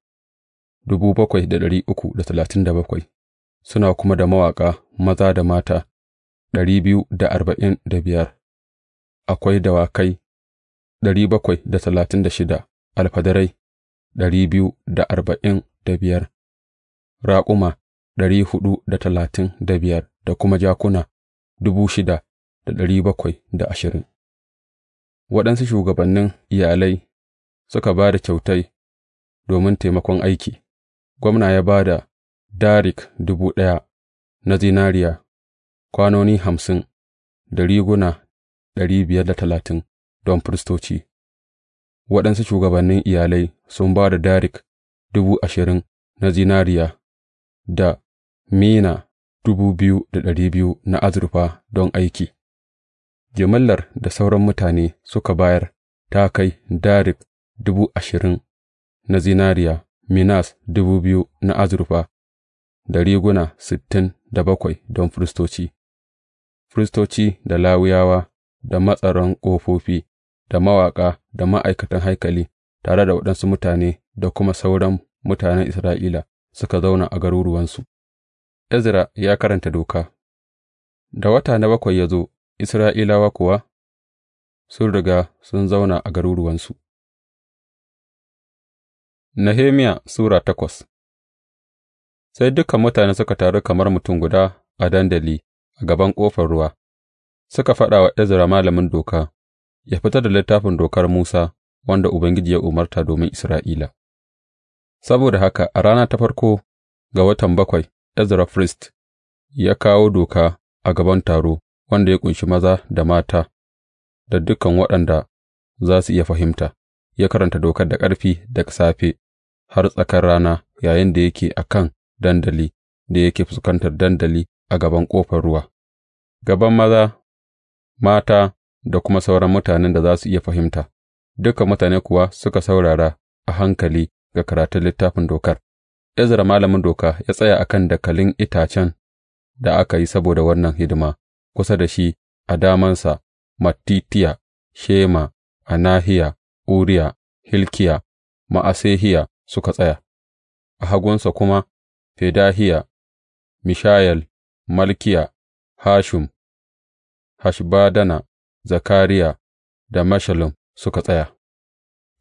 dubu bakwai da ɗari uku da talatin da bakwai, suna kuma da mawaƙa maza da mata ɗari biyu da arba'in da biyar, akwai dawakai ɗari bakwai da talatin da shida, alfadarai ɗari biyu da arba'in da biyar, raƙuma ɗari hudu da talatin da biyar da kuma jakuna dubu shida da ɗari bakwai da ashirin. Waɗansu shugabannin iyalai suka ba da kyautai domin taimakon aiki, gwamna ya ba da darik dubu ɗaya na zinariya, kwanoni hamsin da riguna ɗari biyar da talatin don firistoci, waɗansu shugabannin iyalai sun ba da darik dubu ashirin na zinariya da mina dubu biyu da ɗari biyu na azurfa don aiki, jimillar da sauran mutane suka bayar ta kai darik dubu ashirin na zinariya, minas dubu biyu na azurfa, da riguna sittin da bakwai don firistoci, firistoci da lawuyawa da matsaran ƙofofi, da mawaƙa, da ma'aikatan haikali, tare da waɗansu mutane da kuma sauran mutanen Isra'ila suka zauna a garuruwansu. Ezra ya karanta doka Da wata na bakwai ya zo, Isra'ilawa kuwa sun riga sun zauna a garuruwansu. Nehemiya Sura takwas Sai dukan mutane suka taru kamar mutum guda a dandali a gaban ƙofar ruwa, suka faɗa wa Ezra malamin doka, ya fita da littafin dokar Musa wanda Ubangiji ya umarta domin Isra'ila. Saboda haka a rana ta farko ga watan bakwai, Ezra Frist ya kawo doka a gaban taro wanda ya ƙunshi maza da mata da dukan waɗanda za su iya fahimta. ya karanta dokar da ƙarfi da safe har tsakar rana yayin yayinda yake a kan dandali da yake fuskantar dandali a gaban ƙofar ruwa, gaban maza, mata da kuma sauran mutanen da za su iya fahimta, dukan mutane kuwa suka saurara a hankali ga karatun littafin dokar. Ezra malamin doka ya tsaya a kan dakalin itacen da aka yi saboda wannan hidima, kusa da shi a damansa Mattitiya, Shema, Anahiya, Uriya, Hilkiya, Ma'asehiya suka tsaya, a hagunsa kuma Fedahiya, Mishayel, Malkiya, Hashum, hashbadana Zakariya da Meshullam suka tsaya,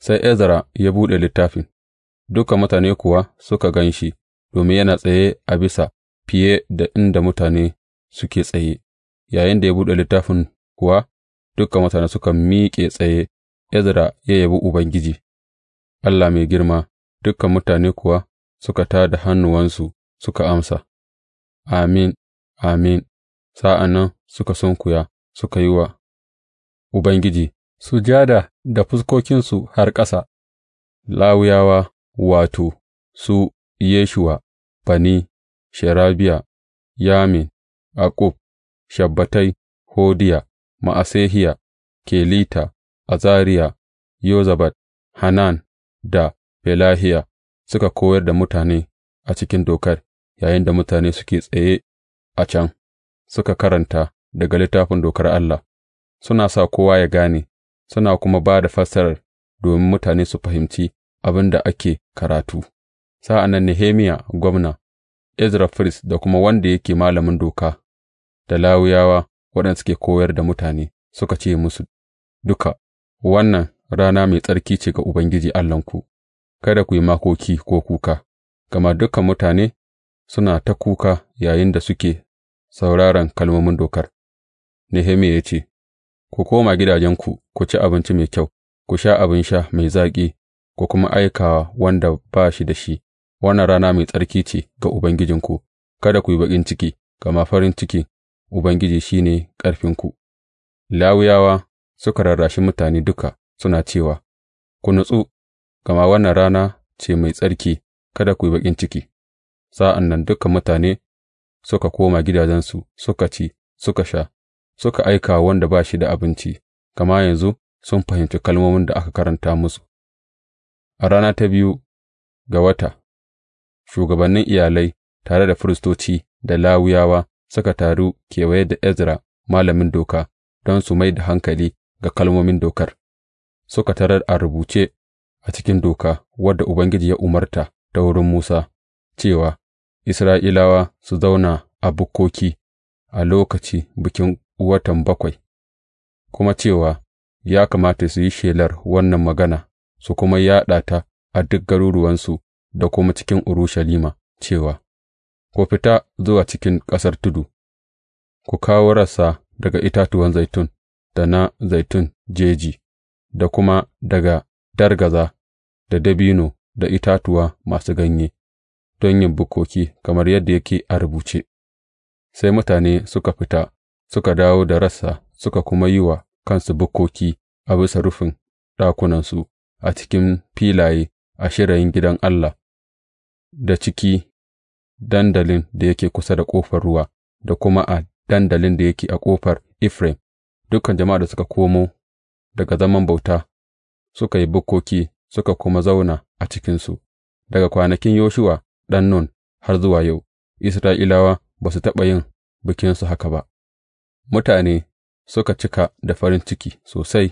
sai Ezra ya buɗe littafin, dukan mutane kuwa suka gan shi, domin yana tsaye a bisa fiye da inda mutane suke tsaye, Yayin da ya buɗe littafin kuwa dukan mutane suka miƙe tsaye Ezra ya yabi Ubangiji, Allah mai girma, dukan mutane kuwa suka ta da hannuwansu suka amsa, Amin, Amin, sa'an nan suka sunkuya suka yi wa Ubangiji sujada da fuskokinsu har ƙasa, Lawuyawa, wato, su Yeshuwa, Bani, Sherabiya, Yamin, Akub, Shabbatai, Hodiya, Ma'asehiya, Kelita. Azariya, Yozabad, Hanan da Felahiya suka koyar da mutane a cikin Dokar, yayinda mutane suke tsaye a can, suka karanta daga littafin Dokar Allah, suna sa kowa ya gane, suna kuma ba da fassarar domin mutane su fahimci abin da ake karatu. Sa'an nan Nehemiya gwamna, Ezra Fris da kuma wanda yake malamin doka, da lawuyawa waɗanda suke koyar da mutane suka ce musu duka, Wannan rana mai tsarki ce ga Ubangiji Allahnku, kada ku yi makoki ko kuka, gama dukan mutane suna ta kuka yayinda suke sauraron kalmomin dokar. Nehemiya ya ce, Ku koma gidajenku, ku ci abinci mai kyau, ku sha abin sha mai zaƙi, ku kuma aika wa wanda ba shi da shi, wannan rana mai tsarki ce ga Ubangijinku, kada ku yi baƙin ciki, gama farin ciki Ubangiji shi ne ƙarfinku. Lawiyawa suka rarrashi mutane duka, suna cewa, Ku nutsu, gama wannan rana ce mai tsarki, kada ku yi baƙin ciki. Sa'an nan dukan mutane suka koma gidajensu, suka ci, suka sha, suka aika wanda ba shi da abinci, gama yanzu sun fahimci kalmomin da aka karanta musu. A rana ta biyu ga wata, shugabannin iyalai tare da firistoci da Lawuyawa suka taru kewaye da Ezra malamin doka don su mai da hankali ga kalmomin dokar, suka tarar a rubuce a cikin doka wadda Ubangiji ya umarta ta wurin Musa cewa Isra'ilawa su zauna a bukkoki a lokaci bikin watan bakwai, kuma cewa ya kamata su yi shelar wannan magana su kuma yaɗa ta a duk garuruwansu da kuma cikin Urushalima cewa, Ku fita zuwa cikin ƙasar tudu, ku kawo rasa daga itatuwan zaitun da na zaitun jeji, da kuma daga dargaza, da dabino, da itatuwa masu ganye, don yin bukkoki, kamar yadda yake a rubuce, sai mutane suka fita, suka dawo da rassa, suka kuma yi wa kansu bukkoki a bisa rufin ɗakunansu, a cikin filaye, a shirayin gidan Allah, da ciki dandalin da yake kusa da ƙofar ruwa, da kuma a dandalin da yake a ƙofar ifrem dukan jama'ar da suka komo daga zaman bauta suka yi bukkoki suka kuma zauna a cikinsu, daga kwanakin Yoshuwa ɗan Nun har zuwa yau, Isra'ilawa ba su taɓa yin bikinsu haka ba, mutane suka cika da farin ciki sosai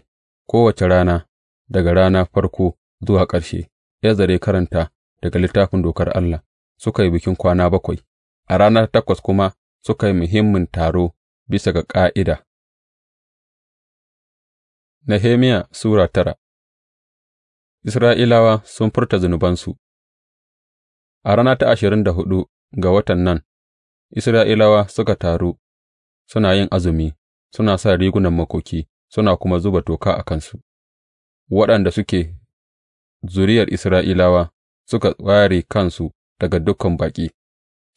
kowace rana daga rana farko zuwa ƙarshe, Ezra zare karanta daga littafin dokar Allah, suka yi bikin kwana bakwai, a ranar takwas kuma suka yi muhimmin taro bisa ga ƙa'ida. Nehemiya Sura tara Isra'ilawa sun furta zunubansu A rana ta ashirin da hudu ga watan nan, Isra'ilawa suka taru, suna yin azumi, suna sa rigunan makoki, suna kuma zuba toka a kansu, waɗanda suke zuriyar Isra'ilawa suka ware kansu daga dukan baƙi,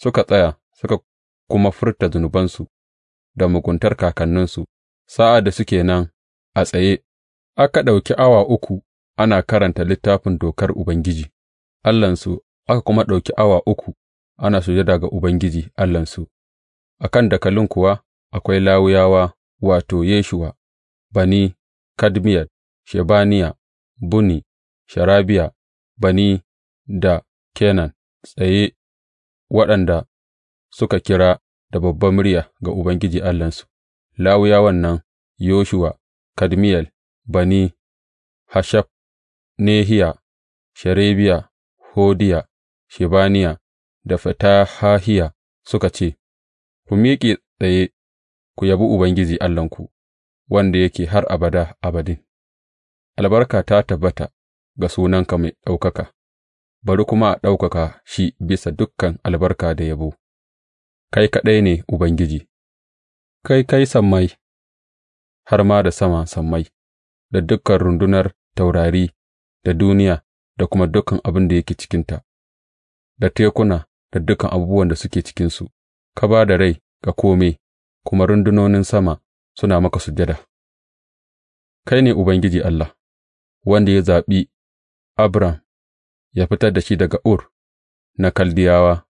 suka tsaya suka kuma furta zunubansu da muguntar kakanninsu sa'ad da suke nan a tsaye, aka ɗauki awa uku ana karanta littafin dokar Ubangiji Allahnsu, aka kuma ɗauki awa uku ana sujada ga Ubangiji Allahnsu, a kan dakalin kuwa akwai lawuyawa, wato, Yeshuwa, Bani, Kadmiyar, Shebaniya, Buni, Sharabiya, Bani da Kenan tsaye, waɗanda suka kira da babban murya ga Ubangiji Allahnsu, lawuyawan nan Yoshuwa. Kadmiyel, Bani, Hashabnehiya, Sherebiya, Hodiya, Shebaniya da Fatahahiya suka ce, Ku miƙe tsaye ku yabi Ubangiji Allahnku, wanda yake har abada abadin, albarka ta tabbata ga sunanka mai ɗaukaka, bari kuma a ɗaukaka shi bisa dukkan albarka da yabo, kai kaɗai ne Ubangiji, kai kai sammai. har ma da sama sammai, da dukan rundunar taurari, da duniya, da kuma dukan abin da yake cikinta, da tekuna, da dukan abubuwan da suke cikinsu, ka ba da rai ga kome, kuma rundunonin sama suna maka sujada. Kai ne Ubangiji Allah, wanda ya zaɓi Abram, ya fitar da shi daga Ur na Kaldiyawa,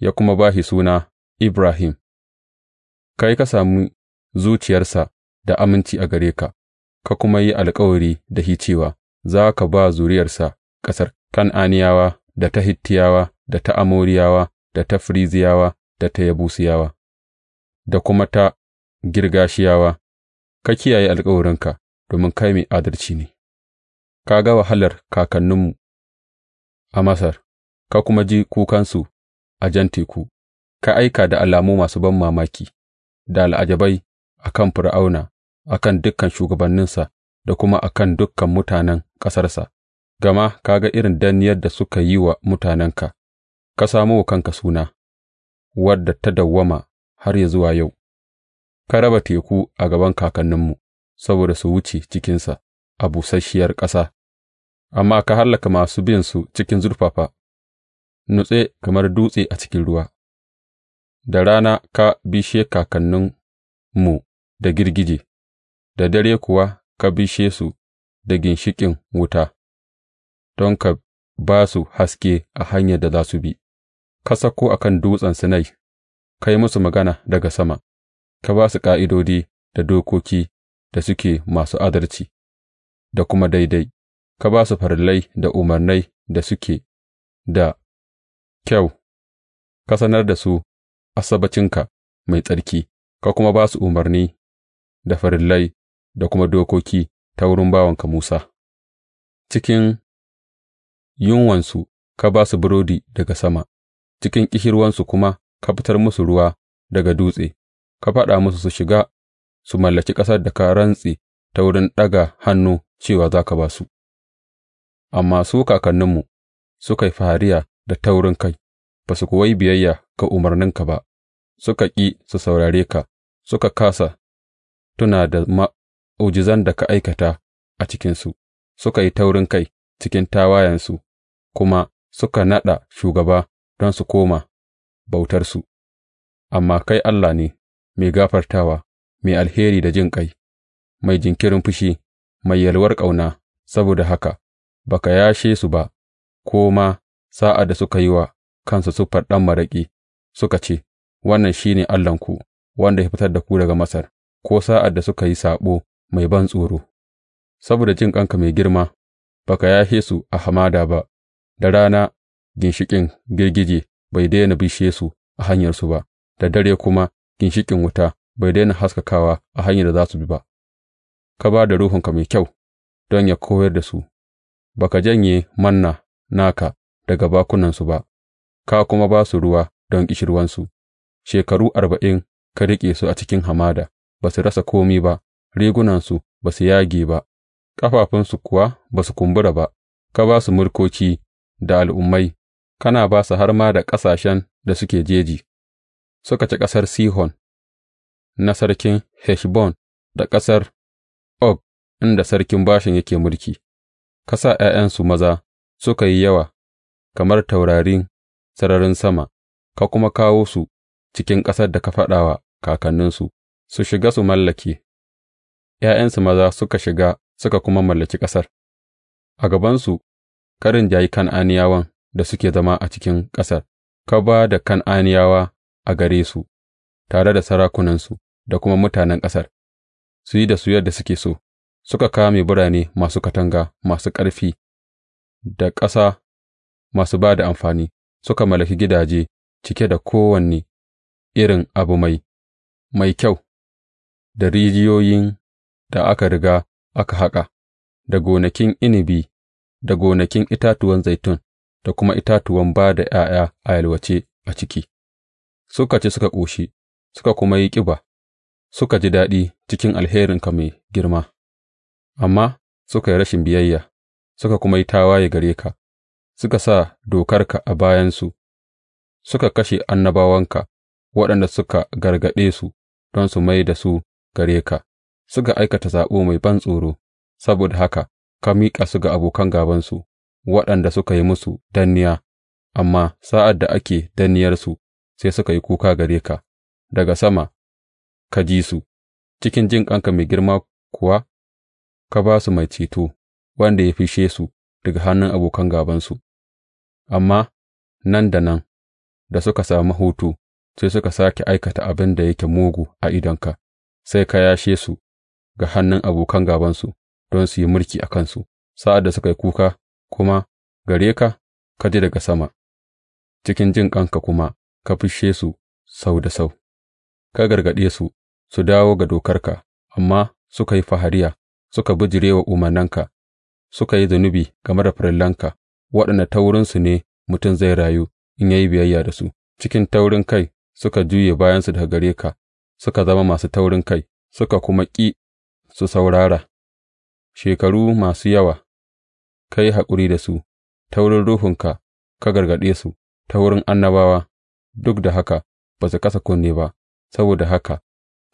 ya kuma ba shi suna Ibrahim, kai ka sami zuciyarsa da aminci a gare ka, ka kuma yi alkawari da shi cewa za ka ba zuriyarsa ƙasar Kan'aniyawa, da ta Hittiyawa, da ta Amoriyawa, da ta Firiziyawa, da ta Yabusiyawa, da kuma ta Girgashiyawa, ka kiyaye alkawarinka, domin kai mai adalci ne, ka ga wahalar kakanninmu a Masar, ka kuma ji kukansu a Jan Teku, ka aika da alamu masu ban mamaki da al'ajabai a kan Fir'auna a kan dukan shugabanninsa da kuma a kan dukan mutanen ƙasarsa, gama ka ga irin danniyar da suka yi wa mutanenka, ka samo wa kanka suna, wadda ta dawwama har ya zuwa yau, ka raba teku a gaban kakanninmu saboda su wuce cikinsa a busasshiyar ƙasa, amma ka hallaka masu binsu cikin zurfafa, nutse kamar dutse a cikin ruwa. Da rana ka bishe kakanninmu da girgije. da dare kuwa ka bishe su da ginshiƙin wuta don ka ba su haske a hanyar da za su bi, ka sauko a kan Dutsen Sinai, ka yi musu magana daga sama, ka ba su ƙa'idodi da dokoki da suke masu adalci da kuma daidai, ka ba su farillai da umarnai da suke da kyau, ka sanar da su asabacinka mai tsarki, ka kuma ba su umarni da farillai da kuma dokoki ta wurin bawanka Musa, cikin yunwansu ka ba su burodi daga sama, cikin ƙishirwansu kuma ka fitar musu ruwa daga dutse, ka faɗa musu su shiga su mallaki ƙasar da ka rantse ta wurin ɗaga hannu cewa za ka ba su, amma su kakanninmu suka yi fariya da taurin kai, ba su kuwa yi biyayya ga umarninka ba, suka ƙi su saurare ka, suka kasa, tuna da Ujizan da ka aikata a cikinsu, suka yi taurinkai cikin tawayensu kuma suka naɗa shugaba don su koma bautarsu, amma kai Allah ne, mai gafartawa, mai alheri da jin jinƙai, mai jinkirin fushi, mai yalwar ƙauna, saboda haka ba ka yashe su ba, ko ma sa'ad da suka yi wa kansu siffar ɗan maraƙi, suka ce, Wannan shi ne Allahnku, wanda ya fitar da ku daga Masar, ko sa'ad da suka yi saɓo mai ban tsoro. saboda jin ƙanka mai girma, ba ka yashe su a hamada ba, da rana ginshiƙin girgije bai daina bishe su a hanyar su ba, da dare kuma ginshiƙin wuta bai daina haskakawa a hanyar da za su bi ba, ka ba da ruhunka mai kyau don ya koyar da su, ba ka janye manna naka daga bakunansu ba, ka kuma ba su ruwa don ƙishirwansu, shekaru arba'in ka riƙe su a cikin hamada, ba su rasa komi ba, rigunansu ba su yage ba, ƙafafunsu kuwa ba su kumbura ba, ka ba su mulkoki da al'ummai, kana ba su har ma da ƙasashen da suke jeji, suka ci ƙasar Sihon, na sarkin Heshbon da ƙasar Og inda sarkin bashin yake mulki, ka sa ’ya'yansu maza suka yi yawa kamar taurarin sararin sama, ka kuma kawo su cikin ƙasar da ka faɗa wa kakanninsu, su shiga su mallake. ’ya'yansu maza suka shiga suka kuma mallaki ƙasar, a gabansu ka rinjayi Kan'aniyawan da suke zama a cikin ƙasar, ka ba da Kan'aniyawa a gare su, tare da sarakunansu da kuma mutanen ƙasar, su yi da su yadda suke so, suka kame birane masu katanga masu ƙarfi da ƙasa masu ba da amfani, suka mallaki gidaje cike da kowanne irin abu mai, mai kyau da rijiyoyin da aka riga aka haƙa, da gonakin inibi, da gonakin itatuwan zaitun, da kuma itatuwan ba da ’ya'ya a yalwace a ciki, suka ci suka ƙoshi, suka kuma yi ƙiba, suka ji daɗi cikin alherinka mai girma, amma suka yi rashin biyayya, suka kuma yi tawaye gare ka, suka sa dokarka a bayansu, suka kashe annabawanka waɗanda suka gargaɗe su don su mai da su gare ka. suka aikata zaɓo mai ban tsoro saboda haka ka miƙa su ga abokan gābansu waɗanda suka yi musu danniya, amma sa'ad da ake danniyarsu sai suka yi kuka gare ka daga sama, ka ji su, cikin jin ƙanka mai girma kuwa ka ba su mai ceto wanda ya fishe su daga hannun abokan gābansu, amma nan da nan da suka sami hutu sai suka sake aikata abin da yake mugu a idonka, sai ka yashe su ga hannun abokan gābansu don su yi mulki a kansu, sa'ad da suka yi kuka kuma gare ka, ka ji daga sama, cikin jin ƙanka kuma ka fishe su sau da sau, ka gargaɗe su su dawo ga dokarka, amma suka yi fahariya, suka bijire wa umarnanka, suka yi zunubi game da farillanka, waɗanda ta wurinsu ne mutum zai rayu in ya yi biyayya da su, cikin taurin kai suka juye bayansu daga gare ka, suka zama masu taurin kai, suka kuma ƙi su saurara, shekaru masu yawa, ka yi haƙuri da su, ta wurin Ruhunka ka gargaɗe su, ta wurin annabawa, duk da haka ba su kasa kunne ba, saboda haka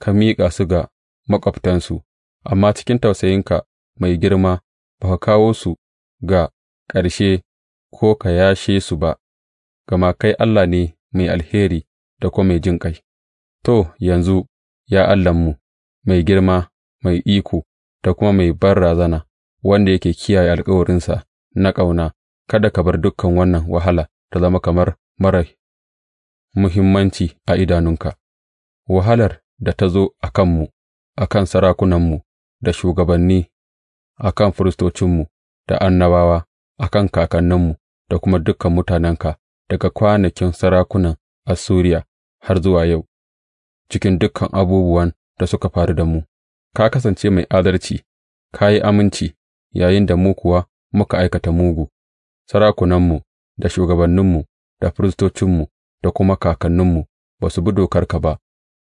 ka miƙa su ga maƙwabtansu, amma cikin tausayinka mai girma ba ka kawo su ga ƙarshe ko ka yashe su ba, gama kai Allah ne mai alheri da kuma mai jinƙai. To, yanzu, ya Allahnmu mai girma mai iko da kuma mai banrazana, wanda yake kiyaye alkawarinsa na ƙauna, kada ka bar dukan wannan wahala ta zama kamar marar muhimmanci a idanunka, wahalar da ta zo a kanmu, a kan sarakunanmu, da shugabanni, a kan firistocinmu, da annabawa, a kan kakanninmu, da kuma dukan mutanenka, daga kwanakin sarakunan Assuriya har zuwa yau, cikin dukan abubuwan da suka faru da mu. ka kasance mai adalci, ka yi aminci, da mu kuwa muka aikata mugu, sarakunanmu da shugabanninmu da firistocinmu da kuma kakanninmu ba su bi dokarka ba,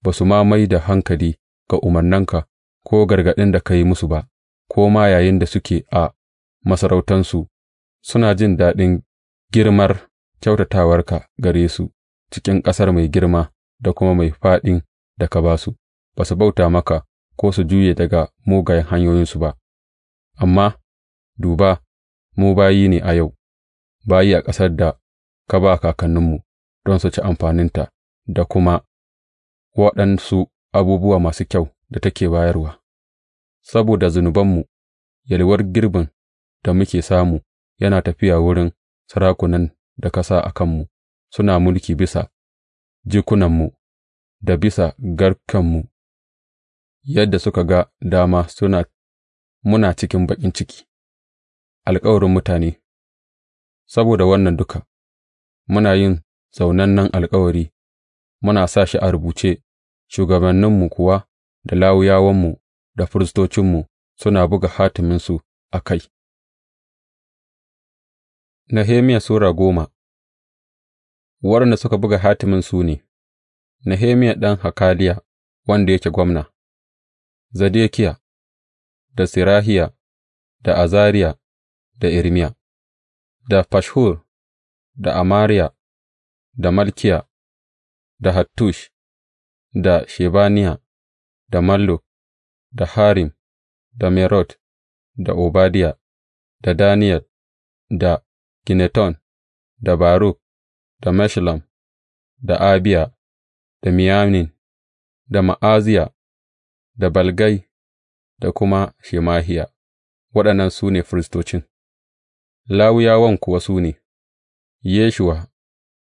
ba su ma mai da hankali ga umarnanka ko gargaɗin da ka yi musu ba, ko ma yayin da suke a masarautansu suna jin daɗin girmar kyautatawarka gare su cikin ƙasar mai girma da kuma mai faɗin da ka ba su, ba su bauta maka ko su juye daga mugayen hanyoyinsu ba, amma duba, mu bayi ne a yau, bayi a ƙasar da ka ba kakanninmu don su ci amfaninta da kuma waɗansu abubuwa masu kyau da take bayarwa, saboda zunubanmu, yalwar girbin da muke samu yana tafiya wurin sarakunan da ka sa a kanmu, suna mulki bisa jikunanmu da bisa garkanmu. yadda suka ga dama suna muna cikin baƙin ciki, alkawarin mutane, saboda wannan duka, muna yin zaunannan alkawari, muna sa shi a rubuce, shugabanninmu kuwa da lawuyawanmu da firistocinmu suna buga hatiminsu a kai. Nehemiya Sura goma Waɗanda suka buga hatimin su ne, Nehemiya ɗan Hakaliya, wanda yake gwamna. Zedekiya, da Serahiya, da Azariya, da Irmiya, da Fashhur, da Amariya, da Malkiya, da Hattush, da Shebaniya, da Mallu, da Harim, da Merot, da Obadiya, da Daniel, da kineton da Baruk, da Meshulam, da Abiya, da Miyamin, da Ma'aziya, da Balgai, da kuma Shemahiya, waɗannan su ne firistocin, Lawiyawan kuwa su ne, Yeshuwa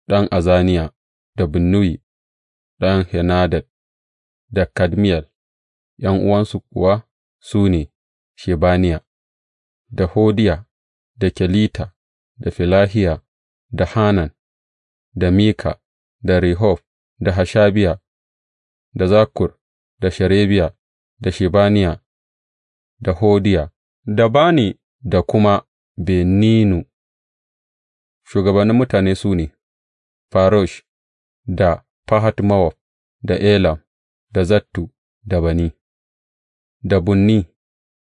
ɗan Azaniya, da Binnuyi ɗan Henadad, da Kadmiyel, uwansu kuwa su ne Shebaniya, da Hodiya, da Kelita, da Filahiya, da Hanan, da Mika, da Rehob, da Hashabiya, da Zakur da Sherebiya, da Shebaniya, da Hodiya, da Bani da kuma Beninu, shugabannin mutane su ne, Farosh, da Fahat Mawab, da Elam, da Zattu, da Bani, da Bunni,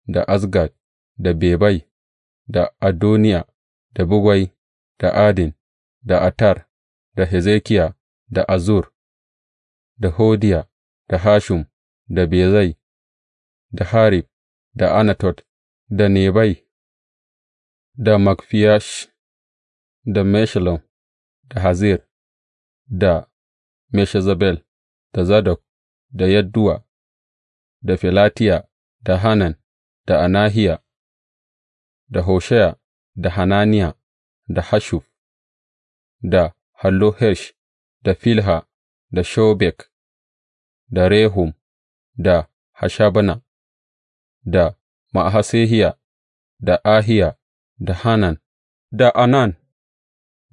da Asgad, da Bebai, da Adoniya, da Bugwai, da Adin, da Atar, da Hezekiya, da Azur, da Hodiya, da Hashum, da Bezai, da Harif, da Anatot, da Nebai, da Makfiyash, da Meshullam, da Hazir, da Meshazabel, da Zadok, da Yadduwa, da Filatiya, da Hanan, da Anahiya, da Hosheya, da Hananiya, da hashuf da Hallohesh, da Filha, da Shobek, da Rehum, da Hashabana, da Ma'asehiya, da Ahiya, da Hanan, da Anan,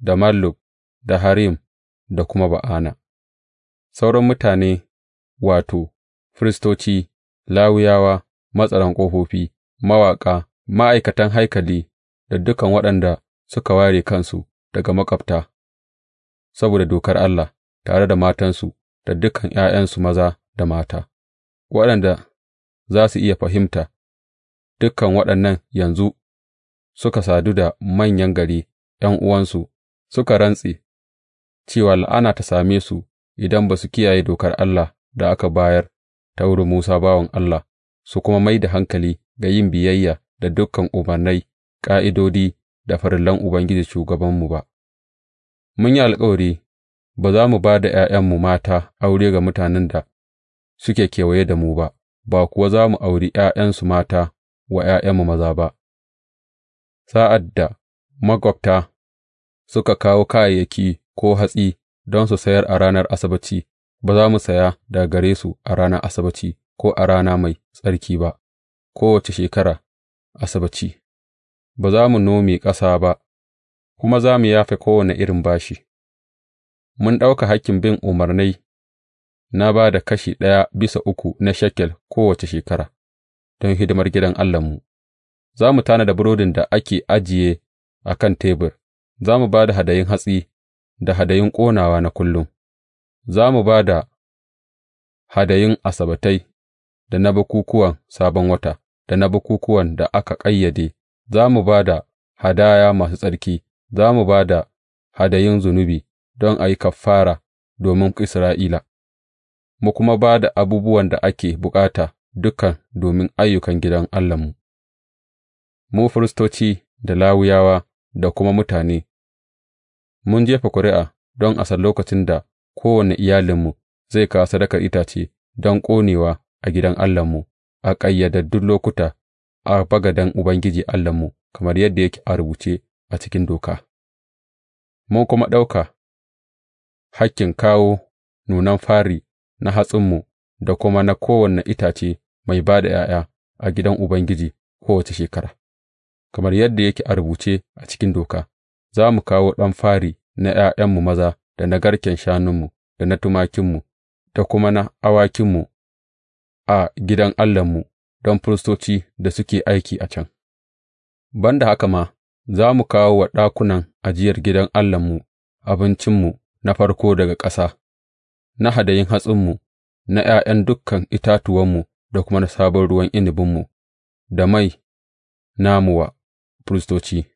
da Malluk, da Harim, da kuma Ba'ana, sauran mutane, wato, firistoci, Lawiyawa, matsaran ƙofofi, mawaƙa, ma'aikatan haikali, da dukan waɗanda suka ware kansu daga maƙwabta saboda dokar Allah, tare da matansu da dukan ’ya'yansu maza da mata, waɗanda za su iya fahimta dukan waɗannan yanzu suka sadu da manyan gari ’yan'uwansu suka rantse cewa la'ana ta same su idan ba su kiyaye dokar Allah da aka bayar ta wurin Musa bawan Allah, su kuma mai da hankali ga yin biyayya da dukan umarnai, ƙa'idodi da farillan Ubangiji shugabanmu ba. Mun yi alkawari ba za mu ba da ’ya'yanmu mata aure ga mutanen da suke kewaye da mu ba, ba kuwa za mu auri ’ya'yansu mata wa ’ya'yanmu maza ba, sa'ad da magwabta suka kawo kayayyaki ko hatsi don su sayar a ranar Asabbaci, ba za mu saya daga gare su a ranar Asabbaci ko a rana mai tsarki ba, kowace shekara Asabbaci, ba za mu nome ƙasa ba, kuma za mu yafe kowane irin bashi. Mun ɗauka hakkin bin umarnai na ba da kashi ɗaya bisa uku na shekel kowace shekara don hidimar gidan Allahnmu, za mu tanada burodin da ake ajiye a kan tebur, za mu ba da hadayin hatsi da hadayin ƙonawa na kullum, za mu ba da hadayin asabatai da na bukukuwan Sabon Wata da na bukukuwan da aka ƙayyade, za mu ba da hadaya masu tsarki, za mu ba da hadayin zunubi don a yi kafara domin Isra'ila. mu kuma ba da abubuwan da ake bukata dukan domin ayyukan gidan Allahnmu, mu firistoci da lawuyawa da kuma mutane, mun jefa ƙuri'a don a san lokacin da kowane iyalinmu zai kawo sadakar itace don ƙonewa a gidan Allahnmu a ƙayyadaddun lokuta a bagadan Ubangiji Allahnmu, kamar yadda yake a rubuce a cikin doka. Mun kuma ɗauka hakkin kawo nunan fari na hatsinmu da kuma na kowane itace mai ba da ’ya'ya a gidan Ubangiji kowace shekara, kamar yadda yake a rubuce a cikin doka, za mu kawo ɗan fari na ’ya'yanmu maza da na garken shanunmu da na tumakinmu da kuma na awakinmu a gidan Allahnmu don firistoci da suke aiki a can. Ban da haka ma, za mu kawo wa ɗakunan ajiyar gidan Allahnmu abincinmu na farko daga ƙasa na hadayin hatsinmu, na ’ya'yan dukan itatuwanmu da kuma na sabon ruwan inabinmu, da mai namu wa firistoci,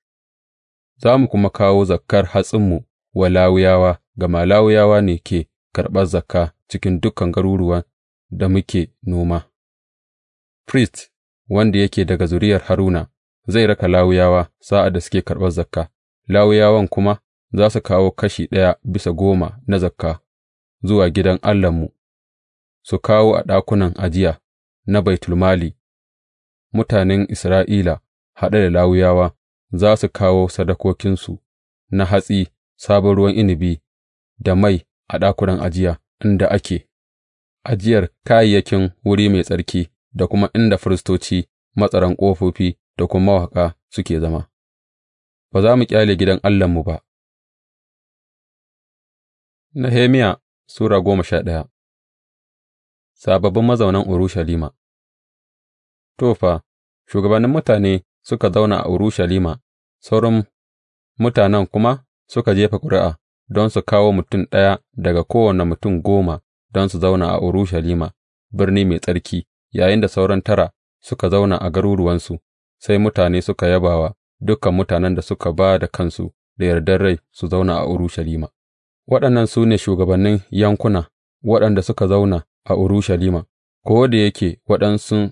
za mu kuma kawo zakkar hatsinmu wa Lawiyawa, gama lawuyawa ne ke karɓar zakka cikin dukan garuruwan da muke noma. Firist wanda yake daga zuriyar Haruna zai raka lawuyawa sa'ad da suke karɓar zakka, lawuyawan kuma za su kawo kashi ɗaya bisa goma na zakka zuwa gidan Allahnmu, su kawo a ɗakunan ajiya na baitulmali, mutanen Isra'ila haɗe da lawuyawa za su kawo sadakokinsu na hatsi, sabon ruwan inibi da mai a ɗakunan ajiya inda ake ajiyar kayayyakin wuri mai tsarki da kuma inda firistoci, matsaran ƙofofi da kuma mawaƙa suke zama. Ba za mu ƙyale gidan Allahnmu ba. Nehemiya Sura goma sha ɗaya Sababbin mazaunan Urushalima To, fa, shugabannin mutane suka zauna a Urushalima, sauran mutanen kuma suka jefa ƙuri'a don su kawo mutum ɗaya daga kowane mutum goma don su zauna a Urushalima, birni mai tsarki, yayin da sauran tara suka zauna a garuruwansu, sai mutane suka yaba wa dukan mutanen da suka ba da kansu da yardar rai su zauna a Urushalima. Waɗannan su ne shugabannin yankuna waɗanda suka zauna a Urushalima, ko da yake waɗansu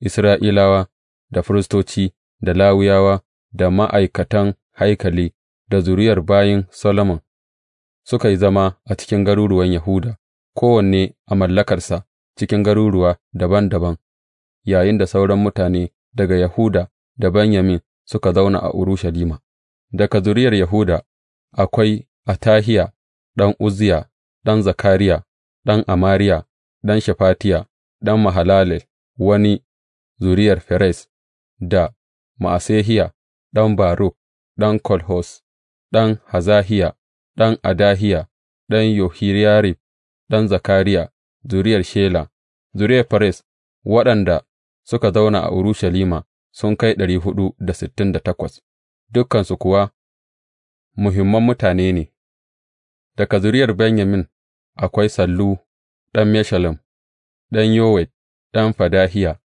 Isra'ilawa, da firistoci, da Lawiyawa, da ma'aikatan haikali, da zuriyar bayin Solomon suka yi zama a cikin garuruwan Yahuda, kowanne a mallakarsa cikin garuruwa daban-daban, yayin da sauran mutane daga Yahuda da Benyamin suka zauna a Urushalima, daga zuriyar Yahuda akwai Atahiya. ɗan Uzziya, ɗan Zakariya, ɗan Amariya, ɗan Shefatiya, ɗan Mahalalel, wani zuriyar Ferez, da Ma'asehiya ɗan Baruk, ɗan Kolhos, ɗan Hazahiya, ɗan Adahiya, ɗan Yohiyarib, ɗan Zakariya, zuriyar Shela, zuriyar Ferez, waɗanda suka zauna a Urushalima sun kai ɗari huɗu da sittin da takwas, dukansu kuwa muhimman mutane ne. Daga zuriyar Benyamin akwai Sallu ɗan Meshullam, ɗan Yowed, ɗan Fadahiya,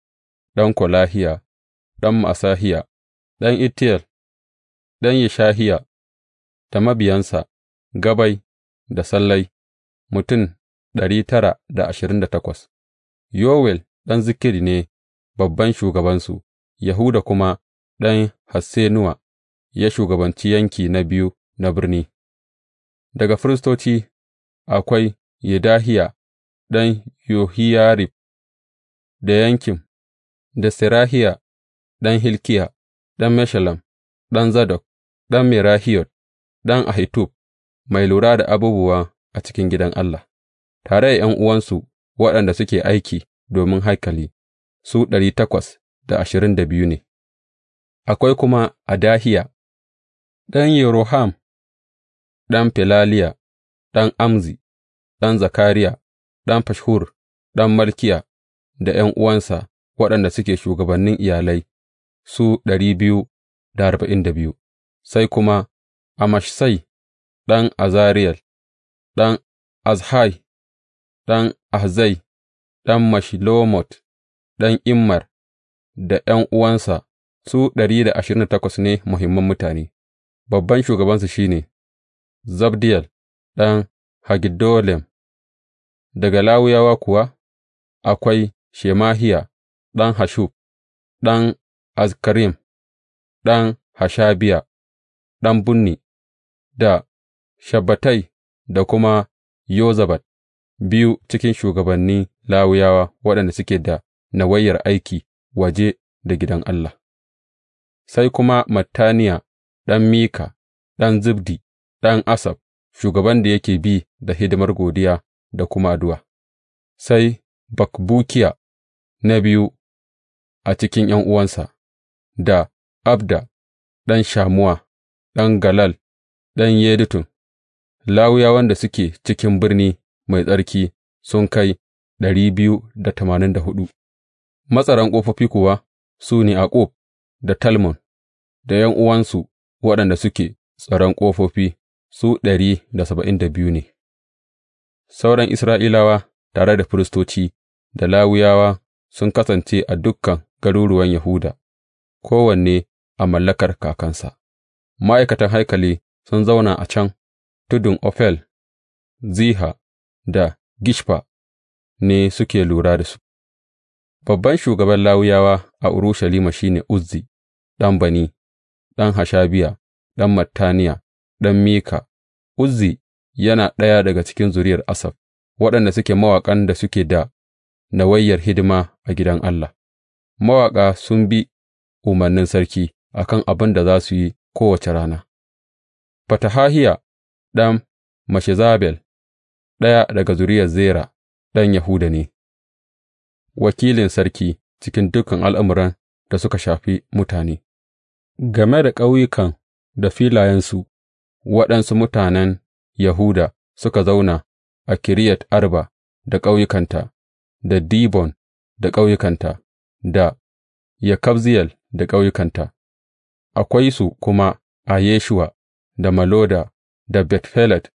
ɗan Kolahiya, ɗan Masahiya, ɗan Itiyel, ɗan Yeshahiya da mabiyansa, Gabai da Sallai, mutum ɗari tara da ashirin da takwas, Yowel ɗan zikiri ne babban shugabansu, Yahuda kuma ɗan Hassenuwa ya shugabanci yanki na biyu na birni. Daga firistoci, akwai Yedahiya ɗan Yohiyarib, da Yakim, da Serahiya ɗan Hilkiya, ɗan Meshullam, ɗan Zadok, ɗan Merahiyot, ɗan Ahitub, mai lura da abubuwa a cikin gidan Allah, tare da uwansu waɗanda suke aiki domin haikali, su ɗari takwas da ashirin da biyu ne, akwai kuma Adahiya ɗan Yeroham. ɗan Felaliya, ɗan Amzi, ɗan Zakariya, ɗan Fashhur, ɗan Malkiya, da 'yan uwansa waɗanda suke shugabannin iyalai, su ɗari biyu da arba'in da biyu, sai kuma Amashsai ɗan Azariyal, ɗan Azhai, ɗan Ahzai, ɗan Mashlomot, ɗan Immer, da 'yan uwansa su ɗari da ashirin da takwas ne muhimman mutane, babban shugabansu shi ne. Zabdiyel ɗan hagidolem daga Lawiyawa kuwa akwai Shemahiya ɗan Hashub, ɗan Azrikam, ɗan Hashabiya, ɗan Bunni, da Shabbetai da kuma Yozabad, biyu cikin shugabanni Lawiyawa waɗanda suke da nawayar aiki waje da gidan Allah, sai kuma Mattaniya ɗan Mika, ɗan Zabdi. ɗan Asaf, shugaban da yake bi da hidimar godiya da kuma addu'a, sai Bakbukiya na biyu a cikin ’yan'uwansa, da Abda ɗan Shamuwa, ɗan Galal, ɗan Yedutun, Lawiyawan da suke cikin birni mai tsarki sun kai ɗari biyu da tamanin da hudu, matsaran ƙofofi kuwa su ne Akkub da Talmon da ’yan'uwansu waɗanda suke tsaron ƙofofi. su ɗari da saba'in da biyu ne, sauran Isra'ilawa tare da firistoci da lawuyawa sun kasance a dukkan garuruwan Yahuda, kowanne a mallakar kakansa, ma'aikatan haikali sun zauna a can tudun Ofel, Ziha da Gishfa ne suke lura da su. Babban shugaban lawuyawa a Urushalima shi ne Uzzi, ɗan Bani, ɗan Hashabiya, ɗan Mattaniya, ɗan Mika, Uzzi yana ɗaya daga cikin zuriyar Asaf, waɗanda suke mawaƙan da suke da nawayar hidima a gidan Allah. Mawaƙa sun bi umarnin sarki a kan abin da za su yi kowace rana. Fatahahiya ɗan Meshezabel, ɗaya daga zuriyar Zera, ɗan Yahuda ne, wakilin sarki cikin dukan al'amuran da suka shafi mutane, game da ƙauyukan da filayensu. waɗansu mutanen Yahuda suka zauna a Kiriyat Arba da ƙauyukanta, da Dibon da ƙauyukanta, da Yakabzeyel da ƙauyukanta, akwai su kuma a Yeshuwa da Maloda da Betfelet,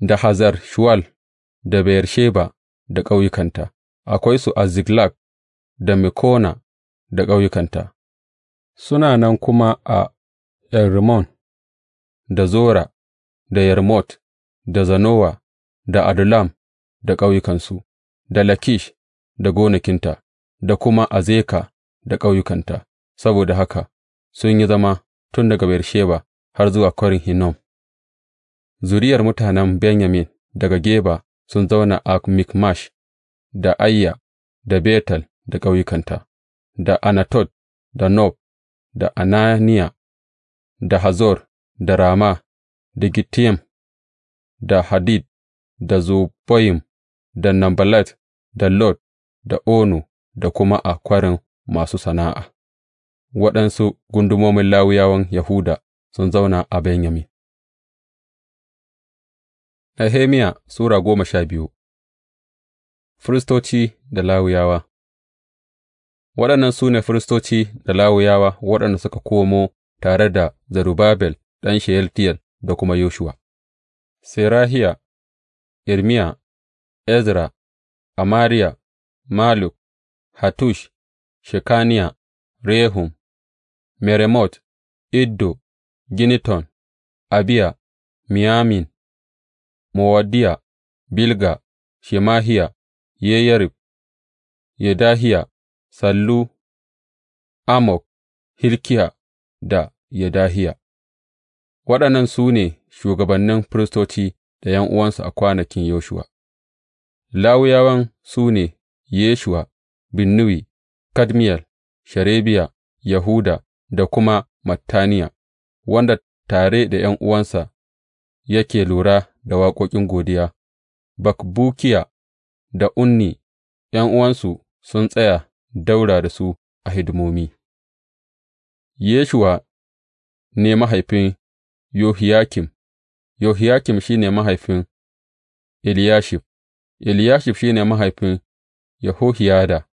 da Hazar Shuwal da Beyersheba da ƙauyukanta, akwai su a Ziklag da Mekona da ƙauyukanta, suna nan kuma a En Rimmon. da Zora, da Yarmot, da Zanowa, da Adulam, da ƙauyukansu, da Lakish, da gonakinta, da kuma Azeka, da ƙauyukanta, saboda haka sun yi zama tun daga Beersheba har zuwa kwarin Hinnom. Zuriyar mutanen Benyamin daga Geba sun zauna a Mikmash, da Ayya, da Betel da ƙauyukanta, da Anatot, da Nob, da Ananiya, da Hazor, da Rama, da Gittayim, da Hadid, da Zeboyim, da Nambalat, da Lod, da Ono, da kuma a kwarin masu sana'a. Waɗansu gundumomin Lawiyawan Yahuda sun zauna a Benyamin. Nehemiya Sura goma sha biyu Firistoci da Lawiyawa Waɗannan su ne firistoci da lawuyawa waɗanda suka komo tare da zerubabel ɗan Sheyaltiyel da kuma Yoshuwa, Serahiya, Irmiya, Ezra, Amariya, Maluk, Hatush Shekaniya, Rehum, Meremot, Iddo, Giniton Abiya, Miyamin, Mowadiya, Bilga, Shemahiya, Yeyarib, Yedahiya, Sallu, Amok, Hilkiya da Yedahiya. Waɗannan su ne shugabannin firistoci da ’yan'uwansu a kwanakin Yoshuwa, Lawiyawan su ne Yeshuwa, Binnuyi, Kadmiyel, Sherebiya, Yahuda da kuma Mattaniya, wanda tare da ’yan'uwansa yake lura da waƙoƙin godiya, Bakbukiya da Unni, ’yan'uwansu sun tsaya daura da su a hidimomi. Yeshuwa ne mahaifin Yohiyakim Yohiyakim shi ne mahaifin Eliyashib, Eliyashib shi ne mahaifin Yehohiyada,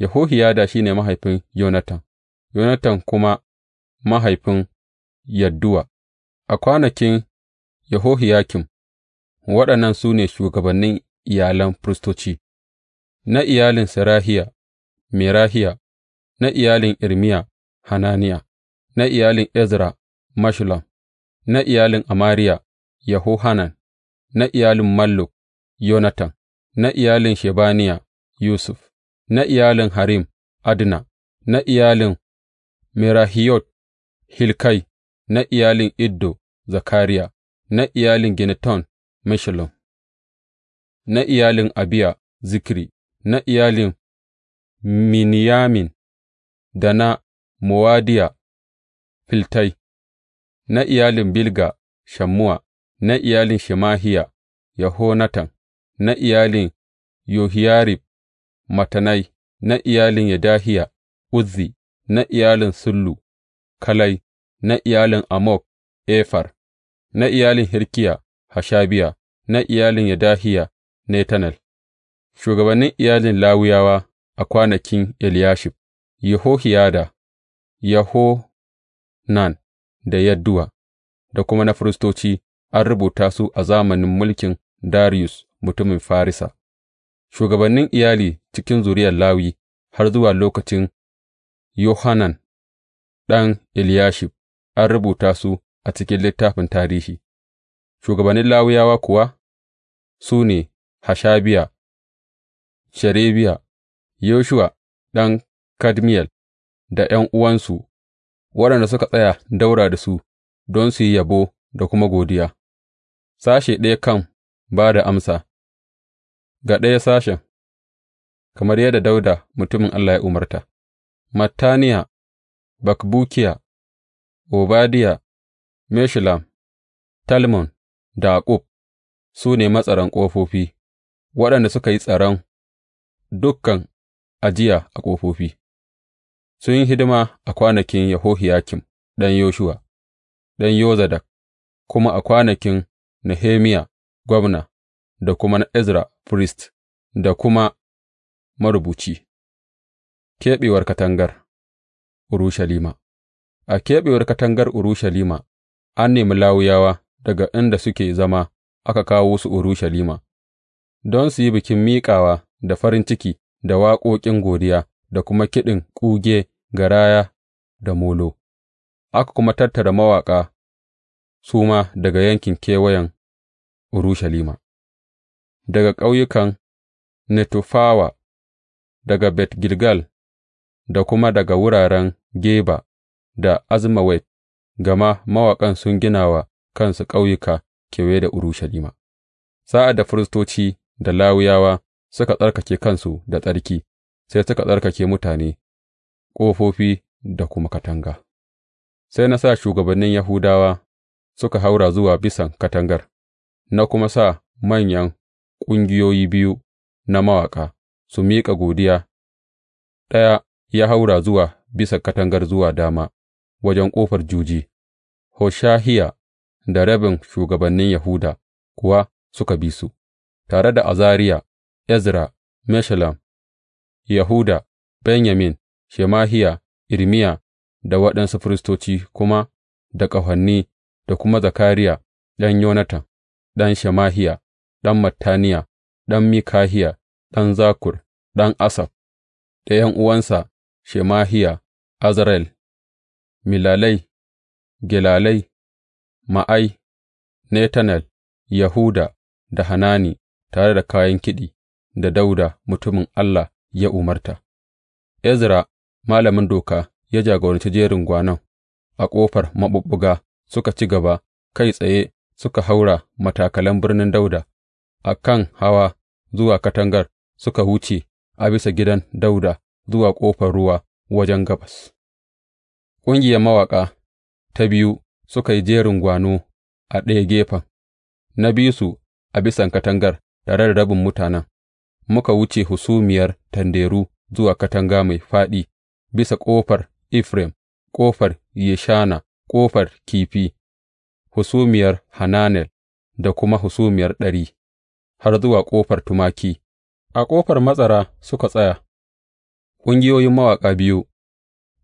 Yehohiyada shi ne mahaifin Yonatan, Yonatan kuma mahaifin Yadduwa. A kwanakin Yehohiyakim, waɗannan su ne shugabannin iyalan firistoci, na iyalin Sarahiya, Merahiya, na iyalin Irmiya, Hananiya, na iyalin Ezra, Mashulam. na iyalin Amariya, Yehohanan, na iyalin Malluk, Yonatan, na iyalin Shebaniya, Yusuf, na iyalin Harim, Adna, na iyalin Merahiyot, Hilkai, na iyalin Iddo, Zakariya, na iyalin geneton Meshullam, na iyalin Abiya, Zikri, na iyalin Miniyamin, da na Mowadiya, Filtai, na iyalin Bilga Shammuwa, na iyalin Shemahiya, Yehonatan, na iyalin Yohiyarib, Matanai, na iyalin Yadahiya, Uzzi, na iyalin Sullu, Kalai, na iyalin Amok, Efar, na iyalin Hirkiya, Hashabiya, na iyalin Yadahiya, Netanel, shugabannin iyalin Lawiyawa a kwanakin Eliyashib, Yehohiyada, Yahonan, da Yadduwa, da kuma na firistoci an rubuta su a zamanin mulkin Darius mutumin Farisa, shugabannin iyali cikin zuriyar Lawi har zuwa lokacin Yohanan ɗan Eliyashib, an rubuta su a cikin littafin tarihi, shugabannin Lawiyawa kuwa su ne Hashabiya, Sherebiya, yoshua ɗan Kadmiyel da uwansu. waɗanda suka tsaya daura da su don su yi yabo da kuma godiya, sashe ɗaya kan ba da amsa ga ɗaya sashen, kamar yadda Dauda mutumin Allah ya umarta, Mattaniya, Bakbukiya, Obadiya, Meshulam, Talmon da Akub su ne matsaran ƙofofi, waɗanda suka yi tsaron dukkan ajiya a ƙofofi. sun yi hidima a kwanakin Yehohiyakim ɗan Yoshuwa, ɗan Yozadak, kuma a kwanakin Nehemiya gwamna, da kuma na Ezra firist, da kuma marubuci. Keɓewar katangar Urushalima A keɓewar katangar Urushalima, an nemi lawuyawa daga inda suke zama aka kawo su Urushalima, don su yi bikin miƙawa da farin ciki da waƙoƙin godiya da kuma kiɗin kuge, garaya da molo, aka kuma tattara mawaƙa su ma daga yankin kewayen Urushalima, daga ƙauyukan Netufawa, daga Bet Gilgal, da kuma daga wuraren Geba da Azmawet, gama mawaƙan sun gina wa kansu ƙauyuka kewaye da Urushalima, sa'ad da firistoci da Lawiyawa suka tsarkake kansu da tsarki. sai suka tsarkake mutane, ƙofofi da kuma katanga. Sai na sa shugabannin Yahudawa suka haura zuwa bisan katangar, na kuma sa manyan ƙungiyoyi biyu na mawaƙa su miƙa godiya, ɗaya ya haura zuwa bisan katangar zuwa dama wajen ƙofar juji, Hoshahiya da rabin shugabannin Yahuda kuwa suka bi su, tare da Azariya, Ezra, Meshullam Yahuda, Benyamin, Shemahiya, Irmiya da waɗansu firistoci kuma da ƙahoni da kuma Zakariya ɗan Yonatan, ɗan Shemahiya, ɗan Mattaniya, ɗan Mikahiya, ɗan Zakur, ɗan Asaf, da uwansa Shemahiya, Azarel, Milalai, Gilalai, Ma'ai, Netanel, Yahuda da Hanani, tare da kayan kiɗi da Dauda, mutumin Allah. ya umarta, Ezra, malamin doka, ya jagoranci jerin gwanon a ƙofar maɓuɓɓuga suka ci gaba kai tsaye suka haura matakalan birnin Dauda. a kan hawa zuwa katangar suka huce a bisa gidan Dauda zuwa ƙofar ruwa wajen gabas. Ƙungiyar mawaƙa ta biyu suka yi jerin gwano a ɗaya gefen, na bi su a bisan katangar tare da rabin mutanen. muka wuce husumiyar tanderu zuwa katanga mai fāɗi bisa ƙofar Efraim, ƙofar Yeshana, ƙofar Kifi, husumiyar Hananel da kuma husumiyar ɗari, har zuwa ƙofar Tumaki, a ƙofar matsara suka tsaya, ƙungiyoyin mawaƙa biyu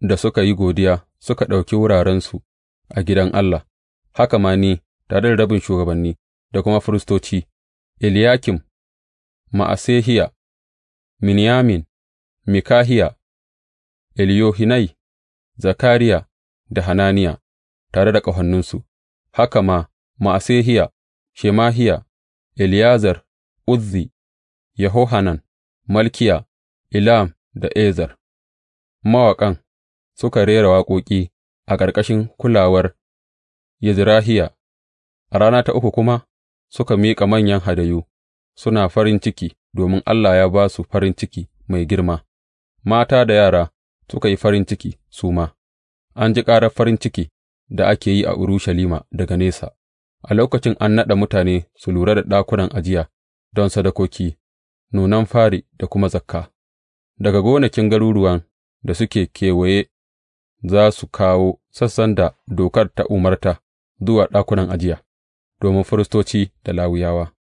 da suka yi godiya suka ɗauki wurarensu a gidan Allah, haka ma ni, tare da rabin shugabanni da kuma firistoci, Eliyakim Ma'asehiya, Miniyamin, Mikahiya, Eliyohenai, Zakariya da Hananiya, tare da ƙahoninsu, haka ma Ma'asehiya, Shemahiya, Eleyazar, Uzzi, Yehohanan, Malkiya, Elam da Ezer. Mawaƙan suka rera waƙoƙi a ƙarƙashin kulawar Yezrahiya, a rana ta uku kuma suka miƙa manyan hadayu. suna farin ciki domin Allah ya ba su farin ciki mai girma, mata da yara suka yi farin ciki su ma, an ji ƙarar farin ciki da ake yi a Urushalima daga nesa, a lokacin an naɗa mutane su lura da ɗakunan ajiya don sadakoki, nunan fari da kuma zakka, daga gonakin garuruwan da suke kewaye za su kawo sassan da dokar ta umarta zuwa ɗakunan ajiya, domin firistoci da lawuyawa.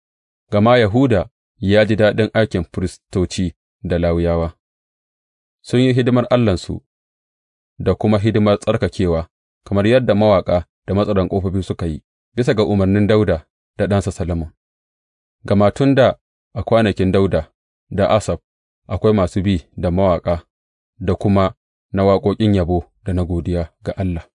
gama Yahuda ya ji daɗin aikin firistoci da Lawiyawa, sun yi hidimar Allahnsu da kuma hidimar tsarkakewa, kamar yadda mawaƙa da matsaran ƙofofi suka yi, bisa ga umarnin Dauda da ɗansa Solomon. Gama tun da a kwanakin Dauda da Asaf akwai masu bi da mawaƙa da kuma na waƙoƙin yabo da na godiya ga Allah.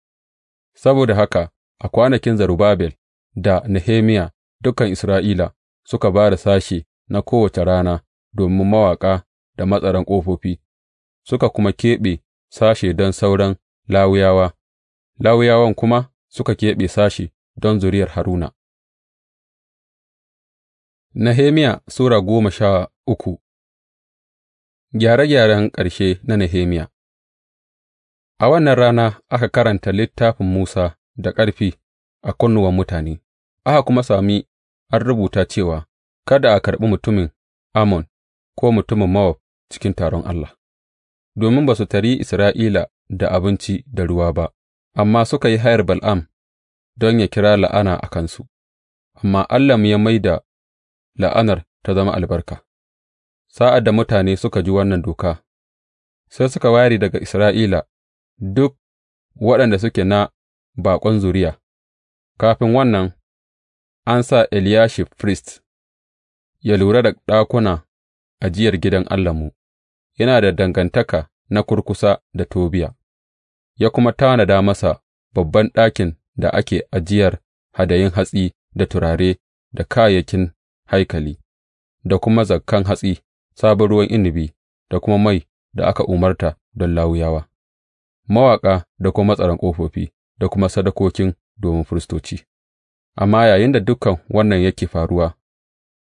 Saboda haka a kwanakin Zerubbabel da Nehemiya dukan Isra'ila suka ba da sashe na kowace rana domin mawaƙa da matsaran ƙofofi, suka kuma keɓe sashe don sauran Lawiyawa, Lawiyawan kuma suka keɓe sashe don zuriyar Haruna. Nehemiya Sura goma sha uku Gyare-gyaren ƙarshe na Nehemiya A wannan rana aka karanta littafin Musa da ƙarfi a kunnuwan mutane, aka kuma sami an rubuta cewa kada a karɓi mutumin amon ko mutumin Mawab cikin taron Allah, domin ba su tari Isra'ila da abinci da ruwa ba, amma suka yi hayar Bal'am don ya kira la'ana a kansu, amma Allah mu ya mai da la'anar ta zama albarka. Sa'ad da mutane suka ji wannan doka, sai suka ware daga Isra'ila duk waɗanda suke na baƙon zuriya, kafin wannan an sa Eliyashib firist ya lura da ɗakuna ajiyar gidan Allahnmu, yana da dangantaka na kurkusa da Tobiya, ya kuma tanada masa babban ɗakin da ake ajiyar hadayin hatsi da turare da kayayyakin haikali, da kuma zakkan hatsi, sabon ruwan inibi da kuma mai da aka umarta don lawuyawa, mawaƙa da kuma matsaran ƙofofi, da kuma sadakokin domin firistoci. Amma yayinda dukan wannan yake faruwa,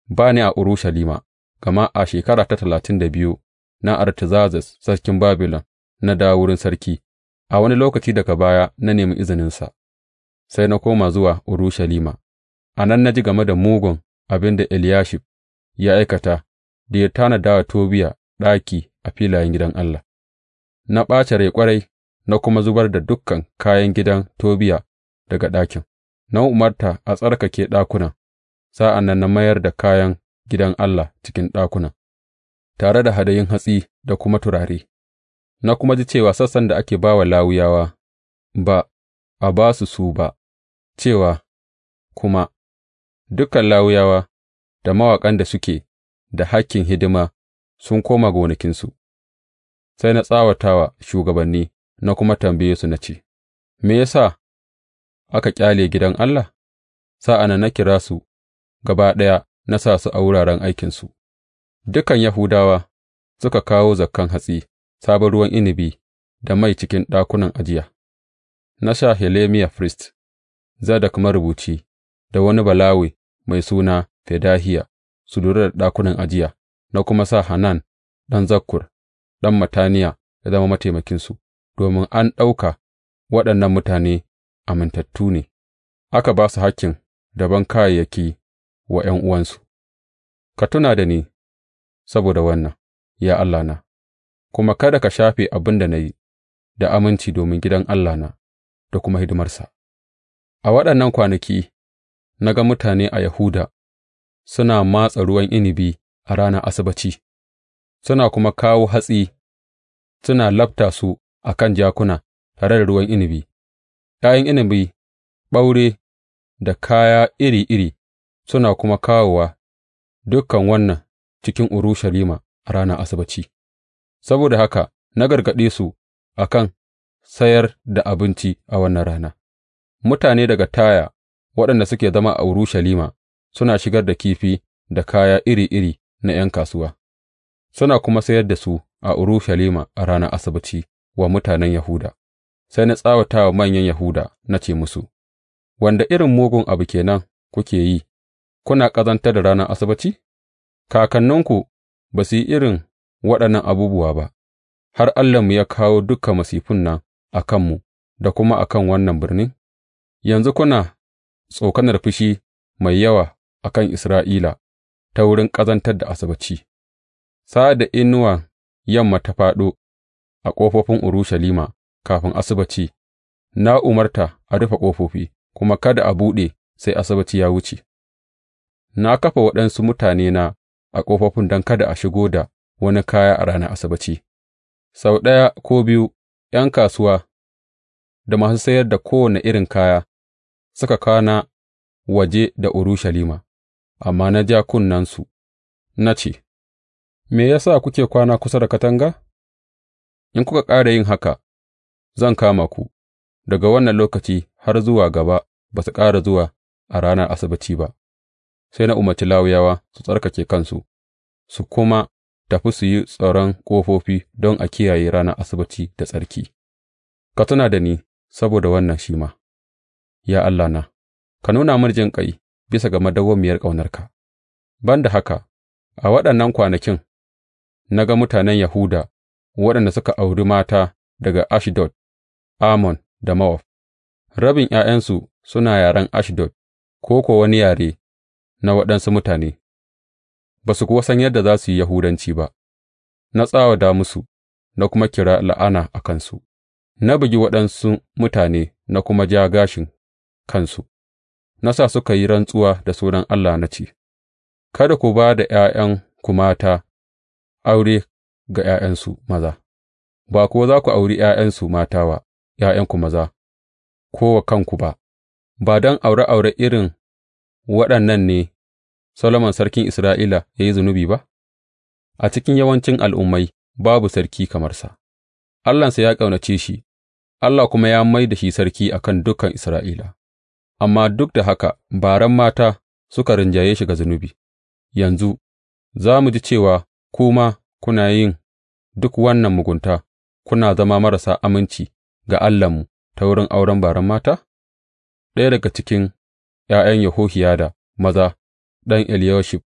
ba ni a Urushalima, gama a shekara ta talatin da biyu na Artazazes sarkin Babilon na dawo wurin sarki, a wani lokaci daga baya na nemi izininsa, sai na koma zuwa Urushalima, a nan na ji game da mugun abin da Eliyashib ya aikata da ya tanada wa Tobiya ɗaki a filayen gidan Allah. Na ɓace rai ƙwarai, na kuma zubar da dukan kayan gidan Tobiya daga ɗakin. na umarta a tsarkake ɗakuna sa'an nan na mayar da kayan gidan Allah cikin ɗakuna. tare da hadayun hatsi da kuma turare, na kuma ji cewa sassan da ake ba wa Lawiyawa ba a ba su su ba, cewa kuma dukan Lawiyawa da mawaƙan da suke da hakkin hidima sun koma gonakinsu, sai na tsawata wa shugabanni na kuma tambaye su na ce, Me ya sa aka ƙyale gidan Allah? Sa'an nan na kira su gaba ɗaya na sa su a wuraren aikinsu, dukan Yahudawa suka kawo zakan hatsi, sabon ruwan inabi da mai cikin ɗakunan ajiya, na sha Helemiya firist, Zadak marubuci, da wani Balawe mai suna Fedahiya su lura da ɗakunan ajiya, na kuma sa Hanan ɗan Zakkur, ɗan Mataniya ya zama mataimakinsu, domin an ɗauka waɗannan mutane amintattu ne, aka ba su hakkin daban kayayyaki wa ’yan'uwansu, ka tuna da ni saboda wannan, ya Allahna, kuma kada ka shafe abin da na yi da aminci domin gidan Allahna da kuma hidimarsa. A waɗannan kwanaki na ga mutane a Yahuda suna matsa ruwan inibi a ranar Asabbaci, suna kuma kawo hatsi suna labta su a kan jakuna tare da ruwan inibi. ’ya'yan inabi, ɓaure da kaya iri iri, suna kuma kawowa dukan wannan cikin Urushalima a ranar Asabbaci, saboda haka na gargaɗe su a kan sayar da abinci a wannan rana, mutane daga Taya waɗanda suke zama a Urushalima suna shigar da kifi da kaya iri iri na ’yan kasuwa, suna kuma sayar da su a Urushalima a ranar Asabbaci wa mutanen Yahuda. sai na tsawata wa manyan Yahuda na ce musu, Wanda irin mugun abu ke nan kuke yi, kuna ƙazantar da ranar Asabaci? Kakanninku ba su yi irin waɗannan abubuwa ba, har Allahnmu ya kawo duka masifun nan a kanmu da kuma a kan wannan birnin? Yanzu kuna tsokanar fushi mai yawa a kan Isra'ila ta wurin ƙazantar da Asabaci, sa'ad da inuwan yamma ta faɗo a ƙofofin Urushalima. kafin Asabbaci, na umarta a rufe ƙofofi, kuma kada a buɗe sai Asabbaci ya wuce, na kafa waɗansu mutanena a ƙofofin don kada a shigo da wani kaya a ranar Asabbaci, sau ɗaya ko biyu ’yan kasuwa da masu sayar da kowane irin kaya suka kwana waje da Urushalima, amma na ja kunnensu, na ce, Me ya sa kuke kwana kusa da katanga? In kuka ƙara yin haka, zan kama ku, daga wannan lokaci har zuwa gaba ba su ƙara zuwa a ranar Asabbaci ba, sai na umarci Lawiyawa su tsarkake kansu, su kuma tafi su yi tsaron ƙofofi don a kiyaye ranar Asabbaci da tsarki. Ka tuna da ni saboda wannan shi ma, ya na, ka nuna jin ƙai bisa ga madawwamiyar ƙaunarka, ban da haka, a waɗannan kwanakin na ga mutanen Yahuda waɗanda suka auri mata daga Ashdod Ammon da Mowab, rabin ’ya'yansu suna yaren Ashdod ko kuwa wani yare na waɗansu mutane, ba su kuwa san yadda za su yi Yahudanci ba, na tsawada musu, na kuma kira la'ana a kansu, na bugi waɗansu mutane na kuma ja gashin kansu, na sa suka yi rantsuwa da sunan Allah na ce, Kada ku ba da ’ya'yanku mata aure ga ’ya'yansu maza, ba kuwa za ku auri ’ya'yansu mata ba. ’ya'yanku maza ko wa kanku ba, ba don aure aure irin waɗannan ne Solomon sarkin Isra'ila ya yi zunubi ba? A cikin yawancin al'ummai babu sarki kamarsa, Allahnsa ya ƙaunace shi, Allah kuma ya mai da shi sarki a kan dukan Isra'ila, amma duk da haka baran mata suka rinjaye shi ga zunubi, yanzu za mu ji cewa ku ma kuna yin duk wannan mugunta, kuna zama marasa aminci ga Allahnmu ta wurin auren baran mata? Ɗaya daga cikin ’ya'yan da maza, ɗan Eliyashib,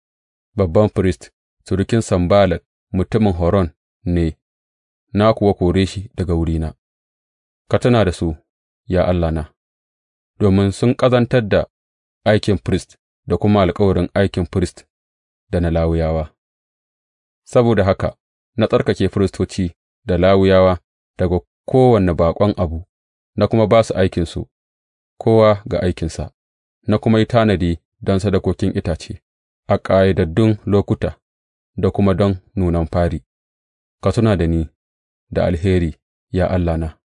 babban firist, surukin Sambalat, mutumin Horon ne, na kuwa kore shi daga wurina, ka tuna da su, ya Allahna, domin sun ƙazantar da aikin firist da kuma alkawarin aikin firist da na lawuyawa. Saboda haka na tsarkake firistoci da lawuyawa daga kowane baƙon abu, na kuma ba su aikinsu, kowa ga aikinsa, na kuma yi tanadi don sadakokin itace a ƙayyadaddun lokuta da kuma don nunan fari, ka tuna da ni da alheri, ya Allahna.